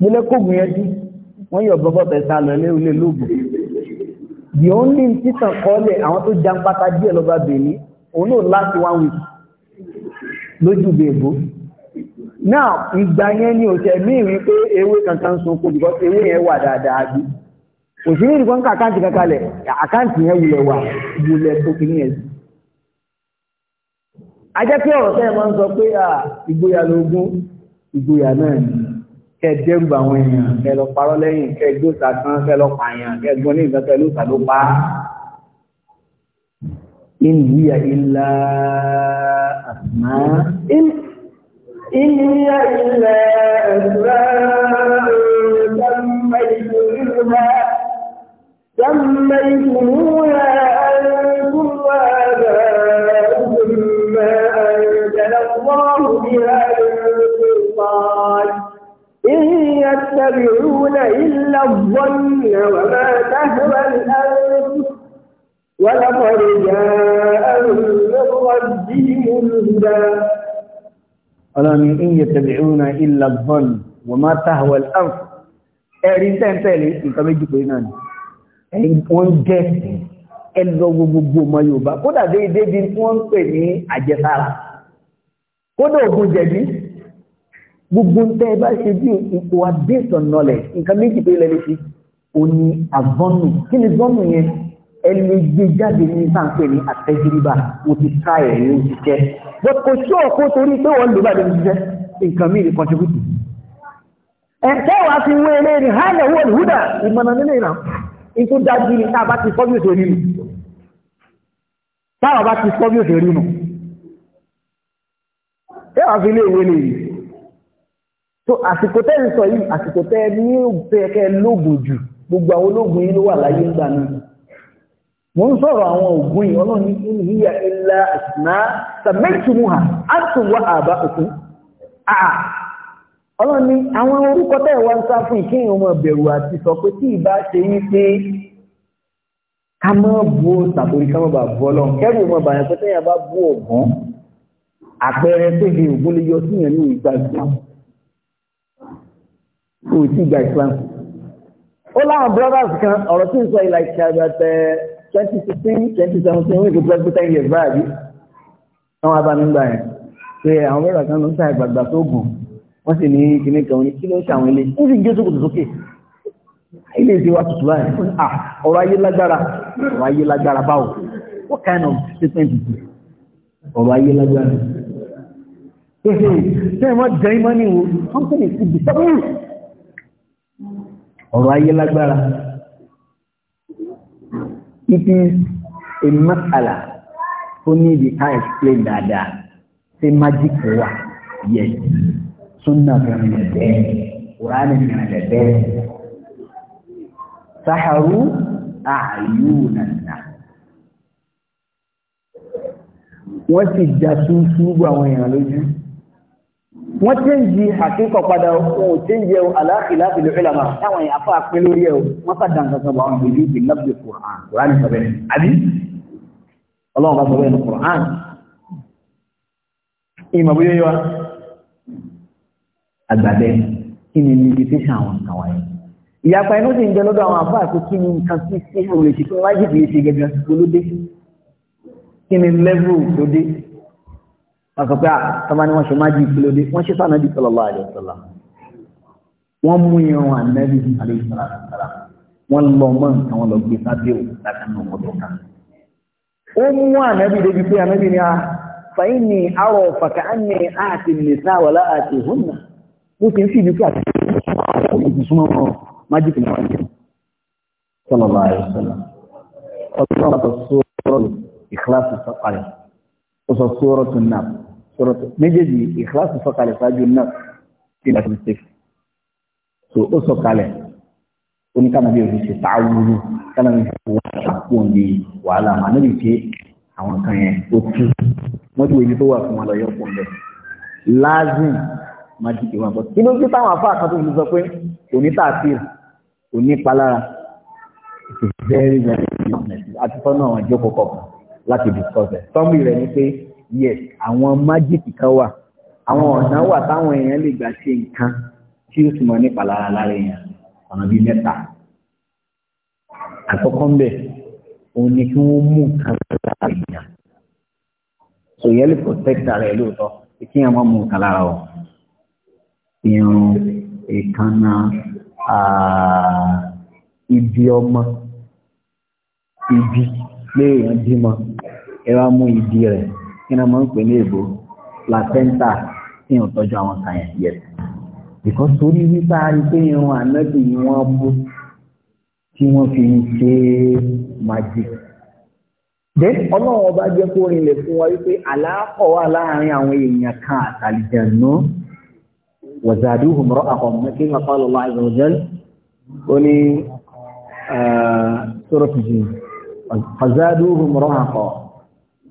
gbélẹ́kògùn yẹn dí wọ́n yọ bọ́bọ́ bẹ̀ sá lọ ilé olè lóògùn the only títàn kọ́lẹ̀ àwọn tó já ń pátá díẹ̀ lọ́ba bèní òun náà láti one week lójú bèbó now ìgbà yẹn ni òtẹ̀ míì wípé ewé kankan sunko because ewé yẹn wà dáadáa bí òṣèré nìkan ká àkáǹtì kankan lẹ̀ àkáǹtì yẹn wulẹ̀ wà wulẹ̀ tó kìíní ẹ̀ sí ajẹ́ pé ọ̀rọ̀ sẹ́yìn máa ń sọ pé ìgboyà lógún ìgboyà náà ni kẹdẹrù àwọn èèyàn kẹlọ parọ́ lẹ́yìn kẹgbó sàtán kẹlọ pààyàn kẹgbọn ní ìgbà kẹlú sàló pa in hiya illa asma in hiya illa asma سميتموها أنتم وآباؤكم ما أنزل الله بها من يتبعون إلا الظن وما تهوى الأنفس ولقد جاءهم من ربهم الهدى قال من إن يتبعون إلا الظن وما تهوى الأنفس ẹ̀rí tẹ́ntẹ́lẹ̀ nǹkan méjì pé náà ni ẹ̀yìn wọ́n jẹ́ ẹlọ gbogbo ọmọ Yorùbá kódà déédéé bí wọ́n ń pè ní àjẹsára kódà ògùn jẹ̀bi gbogbo ń tẹ́ ẹ bá ṣe bí ipò wa based knowledge nǹkan méjì pé lẹ́lẹ́ sí o ní àgbọ́nù kí ni gbọ́nù yẹn ẹ lè gbé jáde ní sáǹpẹ̀ ní àtẹ́jìrìbà mo ti ká ẹ̀ ní òṣìṣẹ́ but kò sí ọ̀kọ́ torí pé wọ́n lò bàdé òṣìṣẹ́ nǹkan mìíràn contribute. ẹ tẹ́ wàá fi wé eré ní hàn ẹ̀wọ́ ìhúdà ìmọ̀nà nínú ìlànà ètò dájú ni tá a bá ti fọ́ bí òṣèré nù táwọn bá ti fọ́ bí òṣèré nù ẹ wàá fi lé ìwé lè yìí so àsìkò tẹ́ ń sọ yìí àsìkò tẹ́ ní òpẹ́kẹ́ lóògùn jù gbogbo àwọn ológun yìí ló wà láyé ń gbà náà mo ń sọ̀rọ̀ àwọn ògùn yìí ọlọ́run ní ìhìyà ilá ìsìná sàmẹ́tùmùhà àtùwà àbá òkun àà ọlọ́run ní àwọn orúkọ tẹ́ wá ń sá fún ìkéyìn ọmọ bẹ̀rù àti sọ pé tí ìbá ṣe yí pé ká mọ́ bu ó tàbí ká mọ́ bà bu ọlọ́run kẹ́rù ọmọ bàyàn pé tẹ́yà bá bu ọ̀gbọ́n àpẹẹrẹ pé ògùn lè yọ ní ìgbà kò tí gba Islam ó láwọn brothers kan ọ̀rọ̀ tí ń sọ ilà ìṣàgbàtẹ̀ 2016 2017 wíìkì plus two ten years báyìí àwọn abamígbà yẹn pé àwọn mẹ́rọ kan ló ń sàgbà gbà tó gùn wọ́n sì ní kinní kan ní kí ló ń ṣe àwọn ilé ó sì gé sókòtò sókè ilé ìṣe wa tuntun báyìí ah, ọ̀rọ̀ ayé lágbára ọ̀rọ̀ ayé lágbára báwo what kind of statement is it ọ̀rọ̀ ayé lágbára. ṣé ṣe ṣe wọ́n jẹ́ ìmọ̀ ní wo something is to be stubborn ọ̀rọ̀ ayé lágbára it is a masala tó ní ibi ká explain dáadáa ṣe magic wà yes sunna fẹ́ràn lẹ̀ bẹ́ẹ̀ kùránì fẹ́ràn lẹ̀ bẹ́ẹ̀ saharu àyùnàna wọ́n sì já súnsún gbọ́ àwọn èèyàn lójú wọ́n tẹ́ǹjì àkíkọ̀ padà ohun tẹ́ǹjì ẹ̀hùn aláàkìláàfi lè fẹ́lá máa táwọn èèyàn fà pín lórí ẹ̀hùn wọ́n sàdá nǹkan kan bá wọn lójú bí nábì kùrán kùrán sọ bẹ́ẹ̀ àbí ọlọ́run bá sọ bẹ́ẹ̀ ní kùrán ìmọ̀ bóyá yọ àgbàdẹ kí ni níbi tí sàn àwọn nǹkan wáyé ìyapa inú sì ń jẹ lọ́dọ̀ àwọn àfáà pé wọ́n sọ pé àtọ́mà ni wọ́n ṣe máa jí ìpìlódé wọ́n ṣe sáà náàbí sallallahu alaihi wasallam wọ́n mú irun ànábì alaihi wasallam wọ́n lọ mọ́ nǹkan wọn lọ gbé sábẹ́ ò látàánù ọdún kan ó mú ànábì débi pé ànábì ni a fàyín ní àrọ̀ fàkà á ní àti nìta wà láàtì hùnà mo ti ń fi ìdíkà àti ìsúnmọ́ wọn máa jí ìpìlódé sallallahu alaihi wasallam ọdún kan sọ sórọ̀ ìkíláàsì sọ́kàlẹ̀ ó sọ sórọ̀ tó náà sọ̀rọ̀ méjèèjì ìkíláàsì sọ̀kalẹ̀ ṣáájú náà kí ni a ti ṣe so ó sọ̀kalẹ̀ oníkànnàbí òfin ṣe tààwùrù kánàbí wà lápò ní wàhálà mà níbi pé àwọn kan yẹn ó tú wọ́n ti wo ibi tó wà fún wọn lọ yọ̀pọ̀ ń bẹ̀ láàzìn má ti wọn bọ̀ kí ló dé táwọn afá àkàtó fi sọ pé òní tààfíìl òní palára it's very very important àti fọ́nà àwọn ìjókòó kọ̀ọ̀kan láti discuss it sọ́mbì rẹ̀ ni pé yes àwọn májìkì kan wà àwọn ọ̀nà wà táwọn èèyàn lè gbà ṣe nǹkan tí ó sì mọ nípa lára lára èèyàn ọ̀nà bíi mẹ́ta àkọ́kọ́ ń bẹ̀ òun ni kí wọ́n mú nǹkan lára èèyàn so yẹ́lì protect ara ẹ̀ lóòótọ́ kí èèyàn má mú nǹkan lára ọ̀ irun ìkànnà ibi ọmọ ibi lé bímọ ẹ wá mú ibi rẹ̀ kí ni wọ́n ń pè ní èbó placenta kí n ò tọ́jú àwọn sàyẹn yẹn because torí wípé a rí pé irun ànábì ni wọ́n mú tí wọ́n fi ń ṣe magic dé ọlọ́run ọba jẹ́ kó rinlẹ̀ fún wa wípé àlàáfọ̀ wà láàrin àwọn èèyàn kan àtàlìjẹ̀nù wàzàdúhùn rọ́ àkọ́mọ́ kí wọ́n fọ́lọ́ lọ́wọ́ àìsàn ó ní sọ́rọ̀ tuntun fàzàdúhùn rọ́ àkọ́mọ́.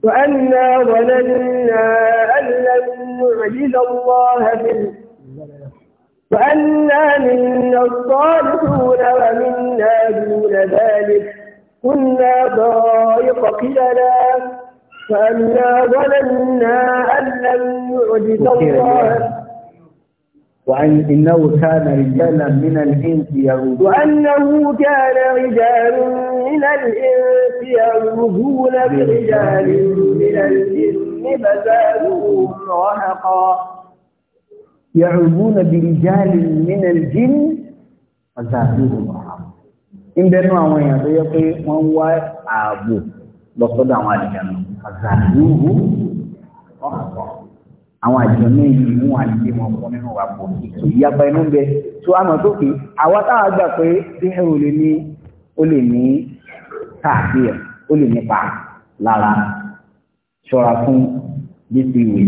وأنا ظننا أن لن نعجز الله في وأنا منا الصالحون ومنا دون ذلك كنا ضائق كلنا فأنا ظننا أن لن نعجز الله أيوة. وأن إنه كان رجالا من الإنس يهود وأنه كان رجال من الإنس يرمزون برجال من الجن فزادوهم رهقا يعوذون برجال من الجن فزادوهم رهقا إن بينما وين يقول من هو أبو lọ́sọ́dọ̀ àwọn àjẹmọ́ àzàlúhù ọ̀pọ̀ àwọn àjẹmọ́ yìí mú àti wọn kọ́ nínú wa pọ̀ ètò ìyapa inú bẹ tó àmọ́ tó fi àwa táwa gbà pé síhẹ́ ò lè ní ó lè ní káàkiri ó lè nípa lára ṣọ́ra fún bíbí ìwé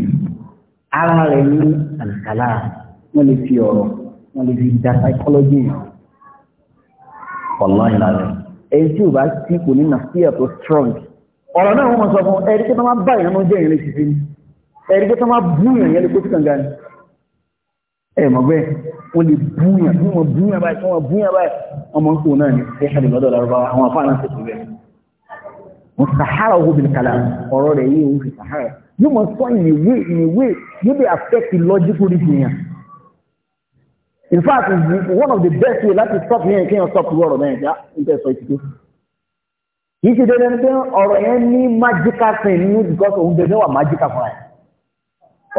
ara rẹ̀ ní àlùkálà wọ́n lè fi ọ̀rọ̀ wọ́n lè fi da psychology ọ̀lá ìlànà èyí tí ò bá sí kò ní nàfíà tó strong ọ̀rọ̀ náà wọ́n sọ fún ẹ̀rí pé tó máa bá ìrànlọ́jẹ́ ìrìn ṣiṣẹ́ ẹ̀rí pé tó máa bú ìrìn yẹn lè kó sí kànga ni ẹ̀mọ̀ bẹ́ẹ̀ wọ́n lè búyàn bí sọ in a way in a way yóò dey affect the logical reasoning in fact one of the best way láti stop yẹn kéèyàn stop irú ọ̀rọ̀ mẹ́rin já ń tẹ́ sọ ìtìkú kì í ṣe dandan pé ọ̀rọ̀ yẹn ní magical thing nínú because òun bẹ̀rẹ̀ wà magical fún ẹ̀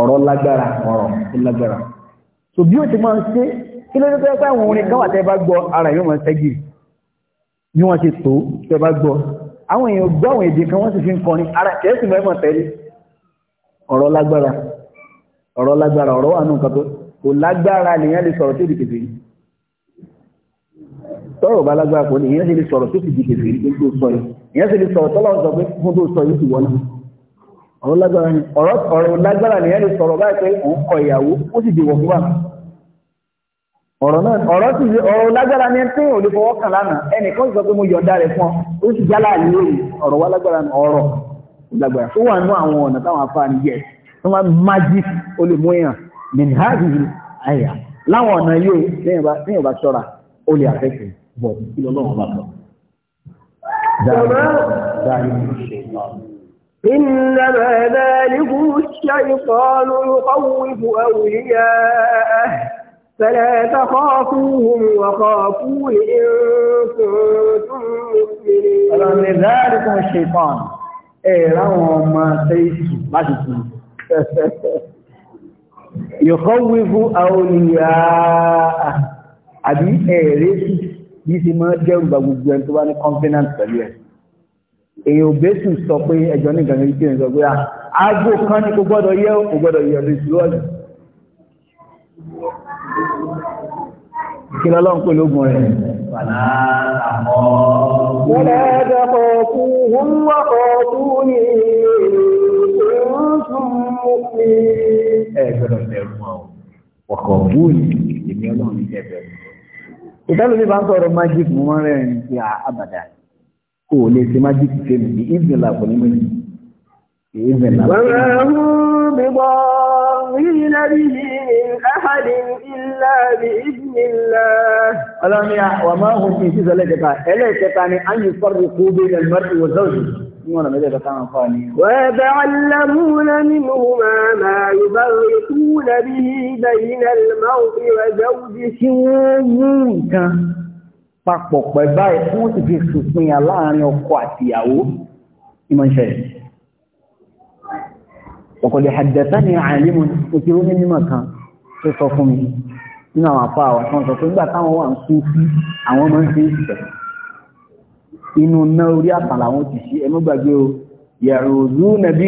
ọ̀rọ̀ lágbára ọ̀rọ̀ tó lágbára so bí ó ti máa ń ṣe kí ló ní pẹ́ pẹ́ àwọn orin káwà tẹ́ bá gbọ́ ara yóò máa ṣẹ́gì ní wọ́n ti tó tẹ́ bá gbọ́ àwọn èèyàn gbọ́ àwọn èdè kan wọ́n sì fi ń kọrin ara kẹ́ẹ̀sì mẹ́mọ̀ tẹ́lẹ̀ ọ̀rọ̀ lágbára ọ̀rọ̀ lágbára ọ̀rọ̀ wà nù nǹkan tó kò lágbára nìyẹn lè sọ̀rọ̀ tó di kèfèrí tọ́rọ̀ bá lágbára kò nìyẹn sì lè sọ̀rọ̀ tó di kèfèrí tó sọ yìí ìyẹn sì lè sọ̀rọ̀ tọ́lọ́ ọ̀rọ̀ lágbára ni ọ̀rọ̀ ọ̀rọ̀ lágbára ni ẹni sọ̀rọ̀ báyìí pé òun kọ ìyàwó ó sì dìwọ̀ fún wa ọ̀rọ̀ náà ọ̀rọ̀ sì ọ̀rọ̀ lágbára ni pé òun lè fọwọ́ kàn lánàá ẹnìkan sọ pé mo yọ̀ǹda rẹ̀ fún ọ ó sì jálá àlùyé yìí ọ̀rọ̀ wa lágbára ni ọ̀rọ̀ lágbára ó wà nú àwọn ọ̀nà táwọn afáàní yẹ tó máa magic ó lè mú èèyàn mìn háàdì àyà láwọn ọ̀nà yìí téèyàn bá ṣọ́ra ó lè àfẹ́kẹ̀ bọ̀ kí lọ́lọ́run bá lọ. dáa dáa ní ṣe náà. إنما ذلكم الشيطان يخوف أولياءه فلا تخافوهم وخافون إن كنتم مؤمنين. فمن ذلكم الشيطان إيران ما سيسو ما يخوف أولياءه àbí ẹ̀ẹ́rẹ́sì yìí ti máa jẹ́ ìgbà gbogbo ẹni tó èyí ò bẹ́sù sọ pé ẹjọ́ ní ìgbàgbé tí ó ń sọ pé àágbò kan ní kò gbọ́dọ̀ yẹ kò gbọ́dọ̀ yẹ lè jù lọ́dún kí lọ́lọ́run pè lógun rẹ̀ wọ́n ẹ́dẹ̀kọ̀ kú wọ́n wọ́kọ̀ kú ní ẹgbẹ̀rún bẹ̀rù ọkọ̀ bú ní ìdí ọlọ́run ní ẹgbẹ̀rún ìtẹ́lùmí bá ń sọ̀rọ̀ májíkì mọ́ rẹ̀ ní ti àbàdà kò lè ṣe májíkì fèmí ní ìzìnlá kò ní méjì ìzìnlá. wàá mú mi bọ́ yìí lẹ́bí yìí ahadi ilá bí ìdílá. ọlọ́run ya wà máa hùn kí n sísọ lẹ́kẹta ẹlẹ́kẹta ni a yìí fọ́rọ̀ kó bí ilẹ̀ mọ́tò wọ zọ́ọ̀jì ní wọn lọ́mọdé kẹta wọn kọ́ ni. wẹ́ẹ̀bẹ̀ alamúna nínú màmá yorùbá kú nàbí bẹ̀yìn náà lọ́mọ́ kí wọ́n mú nǹkan papọ̀ pẹ̀ báyìí fún ti fi sùpinya láàrin ọkọ àti ìyàwó ìmọ̀ ìṣẹ̀lẹ̀. ọ̀kọ̀lẹ̀ àjẹ̀tá ni àìlímọ̀ òkè ó ní mímọ̀ kan tó sọ fún mi nínú àwọn àpá àwọn tó ń sọ pé nígbà táwọn wà ń kú sí àwọn ọmọ ń fi ìṣẹ̀ inú ná orí àpàlà àwọn ti ṣe ẹmú gbàgbé o yàrá òzú nàbí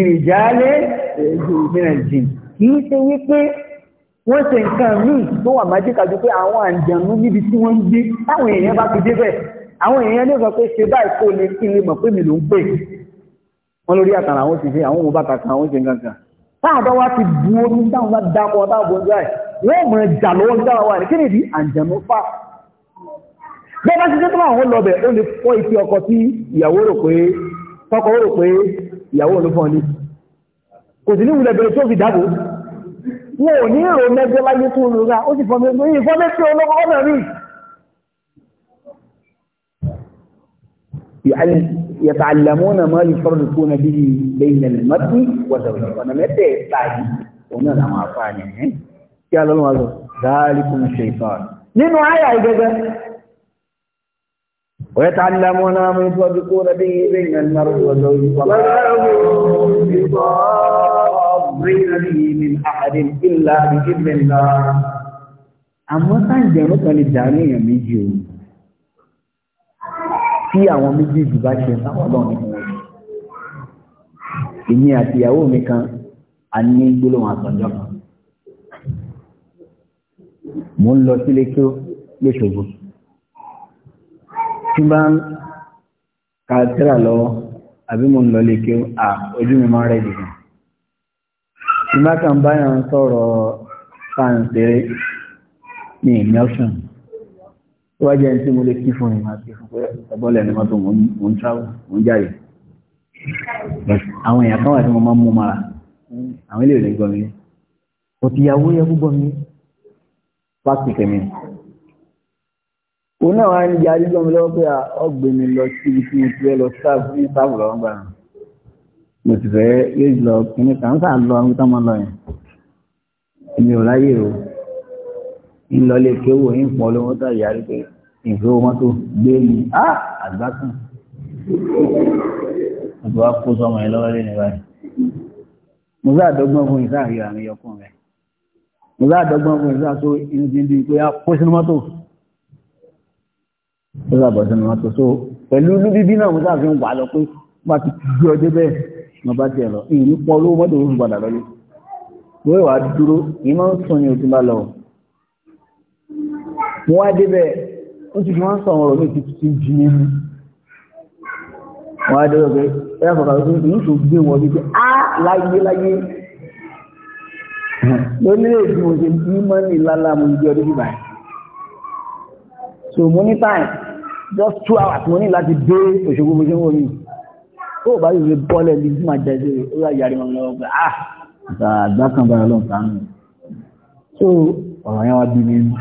wọ́n ṣe nǹkan míì tó wà májíkà jù pé àwọn àjànú níbi tí wọ́n ń gbé táwọn èèyàn bá ti débẹ̀ àwọn èèyàn lè sọ pé ṣe báyìí kó lè kí lè mọ̀ pé mi ló ń pè wọ́n lórí àkàrà àwọn ti ṣe àwọn òun bá kàkà àwọn ṣe nǹkan kan táwọn bá wá ti bu omi táwọn bá dákọ̀ táwọn bó ń jáì wọ́n mọ̀ wọn ò ní ìrò mẹ́jọ láyé tó lòrá ó sì fọ́nmé ní ìfọ́nmé tí olówó ọ̀nà rí yàtàlàmọ́nà máa yí fọ́nmé kó na bí lẹ́yìn ẹ̀lẹ́mọ́tí wọ́sọ̀rọ̀ ọ̀nà mẹ́tẹ̀ táyì òun náà làwọn afá ni ẹ̀ kí a lọ́lọ́wọ́ lọ dáálíkùn ṣe ìtàn nínú àyà ìgẹ́gẹ́ ويتعلمون ما يصدقون به بين المرء وزوجه وما هم بضار ríra rí ní àhàdé ìlà ìdílé ńlá. Àmọ́ sáǹjẹ̀rún kan lè dàrú èèyàn méjì o. Tí àwọn méjèèjì bá ṣe sáwọn ọlọ́run nínú wọn. Èmi àti ìyàwó mi kan, a ní gbólóhùn àtọ̀jọ́ kan. Mo ń lọ sílé kí ó lóṣogbo. Tí bá ń ka lọ, àbí mo ń lọ lé kí ó, à ojú mi máa rẹ̀ jù ìmákan báyàn sọ̀rọ̀ fáǹsẹ̀rẹ́ ní ìní ọ́ṣùn tó wá jẹ́ tí mo lè kí fún ìmá kí fún pé ẹ̀bọ́lẹ̀ ní mọ́tò mo ń travel mo ń jáde àwọn èèyàn kan wà tí mo máa ń mú mara àwọn ilé ìlú gbọ́ mi òtìyàwó yẹ gbọ́ mi pásítì mi òun náà wá ń jẹ́ adígbọ́n mi lọ́wọ́ pé ọgbẹ́ mi lọ sí ibi tí mo ti fẹ́ lọ sáàbù ní sáàbù lọ́wọ́ gbà náà mo ti fẹ́ yóò lọ kíní kan sáà lọ àwọn tó mọ lọ yẹn èmi ò láyè o ńlọlé kéwò ń pọ̀ lówó tó yàrí pé ìfowó mọ́tò gbé mi á àgbákùn ọgbà wa kó sọmọ yẹn lọ́wọ́ lẹ́nu báyìí mo sá àdọ́gbọ́n fún ìsá àríyá mi yọkùn rẹ̀ mo sá àdọ́gbọ́n fún ìsá tó inú ti ń di pé a kó sínú mọ́tò ó sàbọ̀ sínú mọ́tò so pẹ̀lú olúbíbí náà mo sá fi ń wà lọ pé bá ti gbé ọdẹ bẹ́ẹ̀ wọ́n bá jẹ́ lọ ìní pọ̀ lówó mọ́tò ló ń padà lọ́lé wọ́n wà dúró ìyẹn máa ń sùn ní òtún bá lọ. mo wá débẹ̀ ó ti fi wọ́n sọ ọ̀rọ̀ mi ti ti jí ní mi. mo wá débẹ̀ pé ẹ yà kọ̀ọ̀kan pé ìyẹn tó gbé wọn wípé á láyé láyé. lónílé ìdí mo ṣe ní mọ́nì lálá mo ní ó bá yìí bọ́lẹ̀ bí tí máa jẹ́sí ó yà yàrí wọn pé ah àgbákan bára lọ́n sánú so ọ̀rọ̀ yẹn wá bí mi nù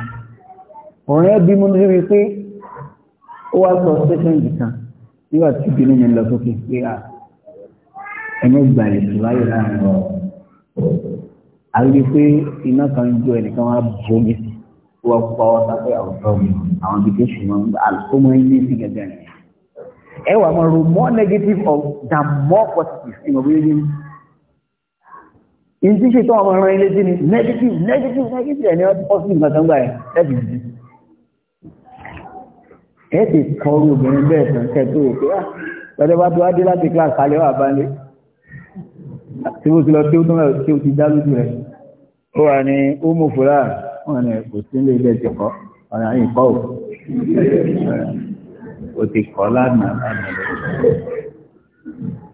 ọ̀rọ̀ yẹn bí mi nù rí pé ó wá sọ station kan nígbà tí ìbínú yẹn lọ sókè pé à ẹ̀yìn gbà ètò láyé láàrin ọ̀ a rí pé iná kan jó ẹnìkan mi àwọn ibi tó ṣùgbọ́n àlùkò máa sí gẹ́gẹ́ ẹ wà máa ro more negative of than more positive ìmọ̀ bí yóò yín tí ṣe tó àwọn ọmọ ilé sí ni negative negative negative ẹni ọdún positive nǹkan gbà ẹ ẹbí ìdí ẹ ti tọrọ obìnrin bẹ́ẹ̀ tán kẹ tó rò pé á ah, pẹ̀lú bá tó wá dé láti class alẹ́ wà bá lé tí ó ti lọ tí ó tó mẹ́rin tí ó ti dá lójú rẹ̀ ó wà ní ó mú fúlà wọn ni kò sí ilé ilé ti kọ́ ọ̀nà ìkọ́ ò o ti kọ́ lánàá lánàá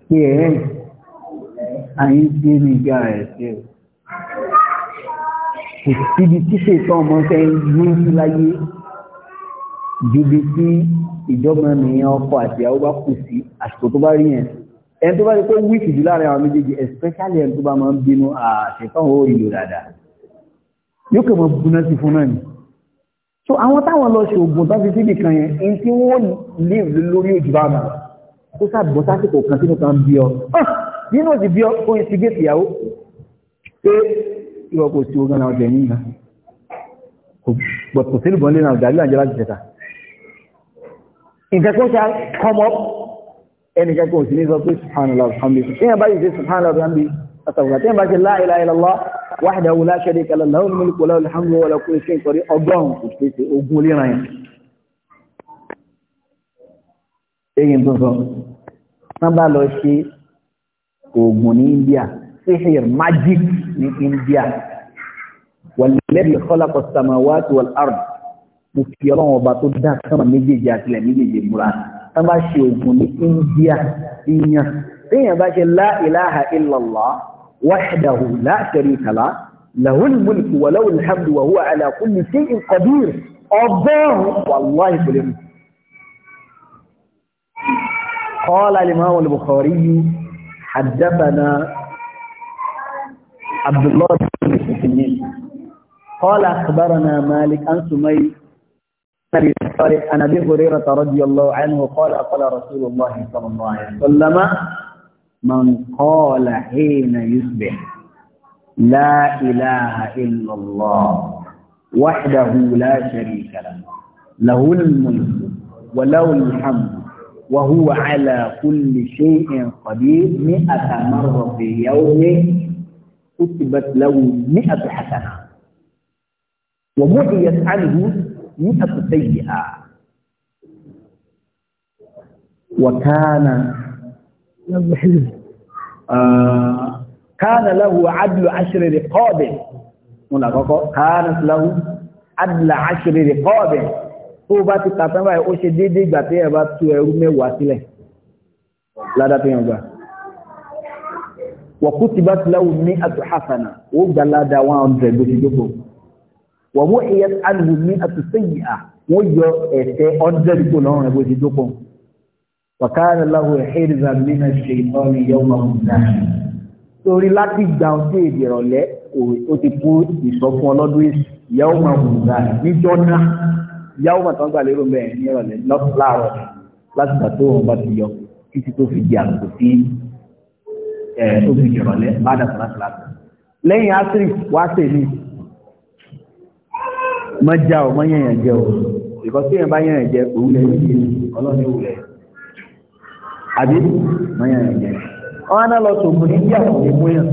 kí ẹ ayé tí ní gá ẹ̀ sí o kò síbi tí ṣètọ́ ọmọ fẹ́ ní sí láyé jubi tí ìjọba nìyẹn ọkọ àti ìyàwó bá kù sí àsìkò tó bá rí yẹn ẹni tó bá rí pé wíìkì jù láàrin àwọn méjèèjì especially ẹni tó bá máa ń bínú àṣetán ó rí dáadáa yóò kẹ́ mọ́ búná fún náà ni so àwọn táwọn lọ ṣe ògùn tán fi síbì kan yẹn in tí wọ́n lè lórí òjì bá bàbá tó sàbọ̀ sásìkò kan sínú kan bí ọ ah! nínú òjì bí ọ ó ń sigé ìyàwó pé ìwọ kò sí ogun àwọn ọ̀dẹ̀ yìí náà kò sí ìbọn lé náà dàbí àjọ láti tẹ̀ta nǹkan kan ṣá come up ẹnìkan kò sí ní sọ pé subhanallah alhamdulilayi ìyẹn bá yìí ṣe subhanallah alhamdulilayi àtàwùgbà tí wọ́n bá ṣe la ilaha illallah wahdahu la sharika lahu lahul mulku wa lahul hamdu wa lahu kullu shay'in qadir ọgọ́rùn-ún kò ṣe ṣe ogún líran yẹn. Eyín tó sọ, wọ́n وحده لا شريك له له الملك وله الحمد وهو على كل شيء قدير الله والله كلمه قال الإمام البخاري حدثنا عبد الله بن سكين قال أخبرنا مالك عن سمي عن أبي هريرة رضي الله عنه قال قال رسول الله صلى الله عليه وسلم من قال حين يصبح لا إله إلا الله وحده لا شريك له له الملك وله الحمد وهو على كل شيء قدير مئة مرة في يوم كتبت له مئة حسنة ومحيت عنه مئة سيئة وكان kánà láhù adìlú aṣírí rẹ̀ kọ́ọ̀bẹ̀ mún àkọ́kọ́ kánà láhù adìlú aṣírí rẹ̀ kọ́ọ̀bẹ̀ tó bá ti tàtàn báyìí ó ṣe déédéé ìgbà tí ẹ bá tú ẹrú mẹ́wàá sílẹ̀ ládá tó yàn gbà wà kutibat láhù ní àtù hasana ó gbà ládá 100 bó ti jókòó wà mú ìyẹn alùmí àtù sẹ́yìn à wọ́n yọ ẹ̀ṣẹ̀ 100 kò lọ́rùn ẹ̀ bó ti wàkàrà lọ́wọ́ ẹ̀hẹ́rì zambina ṣe ìtọ́ni yọmọ ọ̀gá torí láti gba ọdún èdè ìrọ̀lẹ́ ó ti kú ìsọfún ọlọ́dún yọmọ ọ̀gá níjọ́ náà yọmọ tó ń gbà lérò mẹ́rin ní ìrọ̀lẹ́ láàárọ̀ láti gbà tó wọn bá ti yọ títí tó fi di àgùkù sí tó fi di ìrọ̀lẹ́ bá dà fúlàfúlàfù lẹ́yìn asiri wá sí èmi mọ já ọ mọ yẹn yẹn jẹ o ìkọsí yẹn bá yẹn yẹn jẹ òwúlẹ̀ yẹn jẹ ọlọ́run àbí mọ́yàn ẹ̀jẹ̀ wọ́n á náà lọ sọ̀gbọ̀ níjà òní mọ́yàn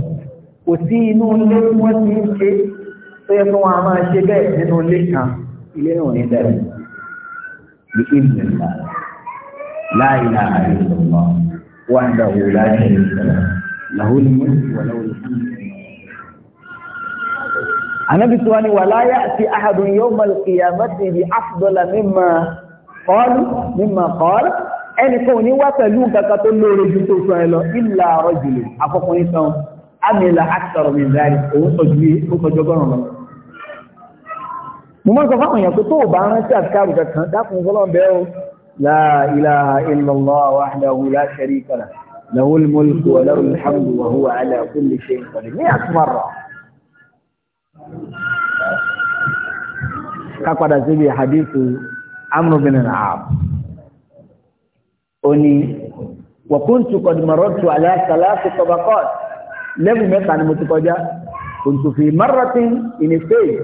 kò sí inú ilé tí wọ́n ti ń ṣe tó yẹ kí wọ́n á máa ṣe bẹ́ẹ̀ nínú ilé kan ilé náà ní dẹ̀rẹ̀ bí ìbùdó ńlá láì láàyè lọ́wọ́ wọ́n á dà wò láì lọ́wọ́ làwọn onímọ̀ ìwọ̀n lọ́wọ́ Anabi tí wá ní wà láyá àti ahadun yawmal qiyamati bi afdala mimma qala mimma qala ẹnìkan ò ní wá pẹ̀lú kankan tó lóore ju tó sọ ẹ lọ ìlà rajul afọkùnrin sàn amila akthar min dhalik òun sọjú ó sọjú ọgọ́rùn lọ. mo máa ń sọ fáwọn èèyàn pé tó o bá rántí àtikáàrù kankan dákun fọlọ́n bẹ́ẹ̀ o la ilaha illallah wahdahu la sharika lah lahul mulku wa oni wakuntu qad marartu ala thalath tabaqat level mẹ́ta ni mo ti kọjá kuntu fi marratin in stage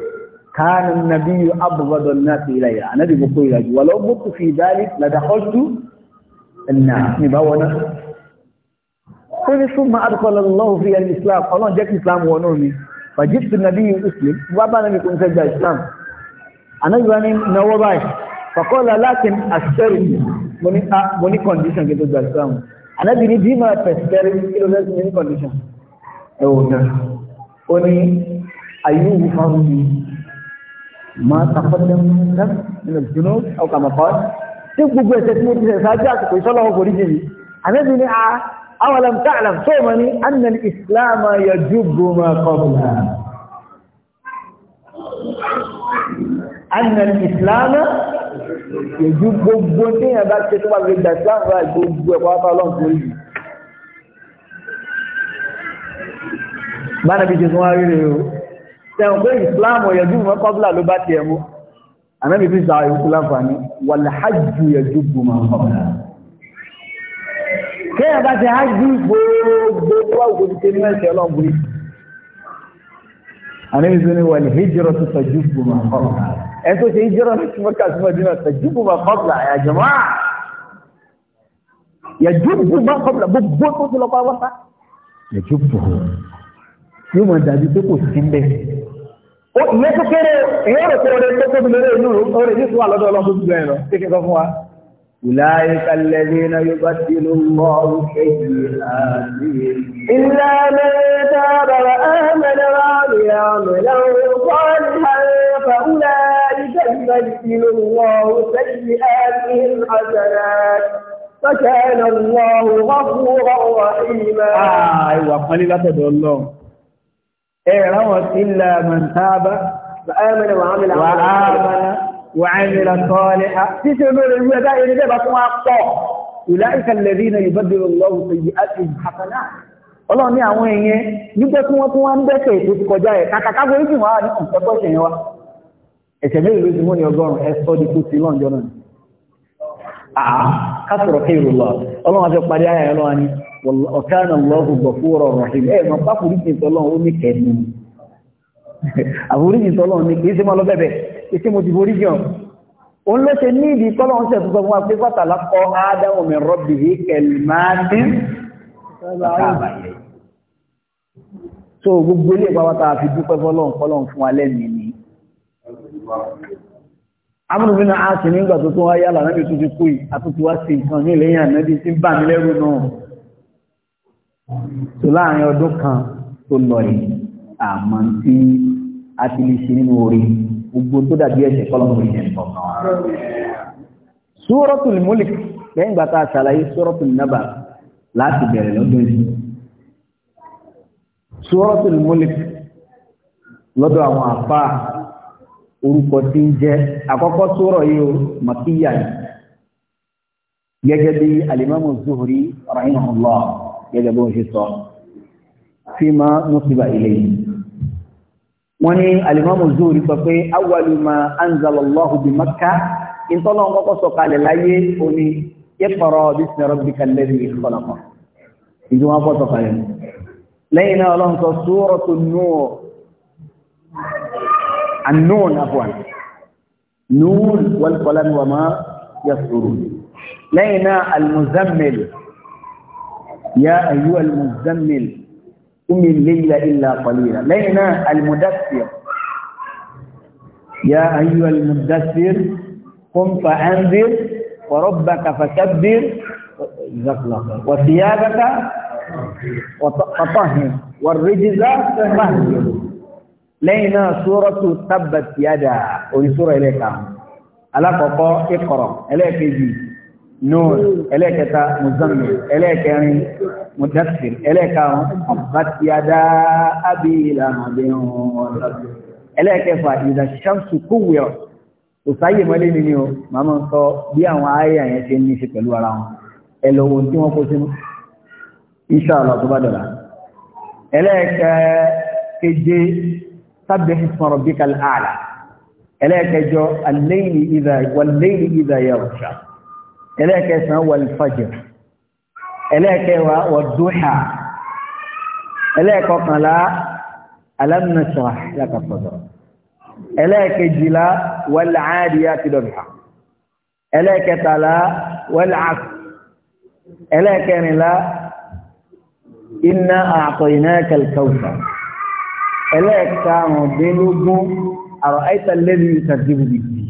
kana an-nabiy abghadu an-nas ilayya anabi mo ko ilaju wala ubtu fi dhalik la dakhaltu an-nar ni bawana kuni summa adkhala Allah fi al-islam Allah jẹ́ islam wono mi fajitu nabiy muslim wa ba nabi kun sajja islam anabi wani nawabai faqala lakin ashariku Ah, mo ní condition kí n tó gba Islam ànábì ní bí máa tẹ̀sítẹ́rì kí ló fẹ́ sí mi ní condition ẹ wò ná ó ní ayélujú fáwọn mi máa tàkọ́tẹ́ mọ́tà nínú ìdùnnú ọkọ̀ àmọ̀kọ́ tí gbogbo ẹ̀ṣẹ̀ tí mo ti ṣẹ̀ ṣáájú àsìkò ìṣọ́lọ́wọ́ kò rí jèmi ànábì ní a ah, awalam ta'lam tó mọ̀ ní annal islam yà jùgbò ma qabla annal islam èjú gbogbo téèyàn bá ṣe tó bá fi gbà islam ra gbogbo ẹ̀kọ́ apá ọlọ́run tó yìí. bánàbí ti tún wá rí rèé o sẹ́wọ̀n pé islam ọ̀yẹ̀jú mọ́ kọ́bùlà ló bá tiẹ̀ mú àmẹ́bí fi sàrà ìkú láǹfààní wàlàhájú yẹjú gbùmọ̀ kọ́bùlà kéèyàn bá ti hájú gbogbo wá òkòtò tó ní ẹsẹ̀ ọlọ́gbìn. àníbi tó ní wàlẹ̀ hijrọ̀ tó sọ jù gbùmọ̀ kọ́bùlà ẹ tó ṣe ìjọra láti mọ́kà sí mọ́dínà tẹ̀júbù bá kọ́bùlà àyàjọ̀mọ́ yẹ̀júbù bá kọ́bùlà gbogbo tó ti lọ pa wọ́sá yẹ̀júbù yóò mọ̀ dàbí pé kò sí mbẹ́. ó ìyẹ́ tó kéré ìyẹ́ rẹ̀ kéré tó tóbi lórí inú orí ní ìtura lọ́dọ̀ ọlọ́run tó ti gbẹ̀yìn lọ kí kí n sọ fún wa. Ìláyé kalẹ̀ ní iná yóò bá ti ló mọ́ oúnjẹ yìí láàrin. Ìlànà ìta bàbá ẹ̀mẹ́lẹ́wà ni àwọn ìlànà يبدل الله سيئاتهم حسنات فكان الله غفورا رحيما ايوا قال لا تدلوا الله روت الا من تاب فامن وعمل وعمل وعمل صالحا تسمر الوداع اللي بقى طاق اولئك الذين يبدل الله سيئاتهم حسنات الله ní àwọn èèyàn nígbẹ́ tí wọ́n tún wá ń bẹ́sẹ̀ ètò ti kọjá ẹ̀ kàkàkà gbé ìjìnwá ní ọ̀pẹ́gbọ́sẹ̀ yẹn ẹ̀ṣẹ̀ mẹ́rin ló ti mọ́ ní ọgọ́rùn-ún ẹ̀sọ́ di kú sí lọ́njọ́ náà àà kásọ̀rọ̀ kéèrò lọ ọlọ́run àti parí ayà ọlọ́run ni ọ̀kánà lọ́hùn gbọ̀fúrọ̀ rọ̀hìn ẹ̀ mọ̀ bá foríjì tọ́lọ́run ó ní kẹ́nu àforíjì tọ́lọ́run ni kìí sí mọ́ lọ bẹ̀bẹ̀ ìsí mo so gbogbo ilé ìpapàtà àfi dúpẹ́ fọlọ́run fọlọ́run fún amúnubínà á sì nígbà tó tó wáyé alànábì tó ti kú yìí àtútù wá sí ìkan ní ìlẹ́yìn ànábì tí bà mí lẹ́rù náà tó láàrin ọdún kan tó lọ tí a ti lè ṣe nínú orí gbogbo tó dàbí ẹ̀ṣẹ̀ kọ́lọ́mù orúkọ tí ń jẹ́ àkọ́kọ́ sura yìí o màkíyà yìí gẹ́gẹ́ bí alimami zuhri rahimahullah gẹ́gẹ́ bó ń ṣe sọ fi máa nùsíbà ilé yìí wọ́n ní alimami zuhri sọ pé awwalu ma anzalallahu bi makka ìtọ́nà kọ́kọ́ sọ kalẹ̀ láyé oní iqra bismi rabbika alladhi khalaq ìdí kọ́ sọ lẹ́yìn náà ọlọ́run sọ suratul nur النون عفوا نون والقلم وما يسطرون لينا المزمل يا أيها المزمل قم الليل إلا قليلا لينا المدثر يا أيها المدثر قم فأنذر وربك فكبر وثيابك وطهر والرجز فهجر lẹ́yìn náà sórọ́tù tábàtì yádà orísúrọ̀ ẹlẹ́ka alákọ̀ọ́kọ́ ìkọ̀rọ̀ ẹlẹ́ẹ̀kejì nùr ẹlẹ́ẹ̀kẹta muzammi ẹlẹ́ẹ̀kẹrin mudassir ẹlẹ́ẹ̀karùn tábàtì yádà abiyilá ẹlẹ́ẹ̀kẹfà ìdá shamsu kúwìọ̀ kò sáyè mọ́lẹ́ mi ni o màá máa ń sọ bí àwọn àyà yẹn ṣe ń ní ṣe pẹ̀lú ara wọn ẹ lọ wo tí سبح اسم ربك الأعلى إليك جو الليل إذا والليل إذا يغشى إليك اسم هو الفجر إليك والضحى إليك وقلاء ألم نشرح لك الصدر إليك جلاء والعاديات ذبحا إليك تلاء والعكس إليك ملاء إنا أعطيناك الكوثر ẹlẹ́ẹ̀karùndínlógún àrọ̀ àìsàn lẹ́nu ìtàdìbò bìbì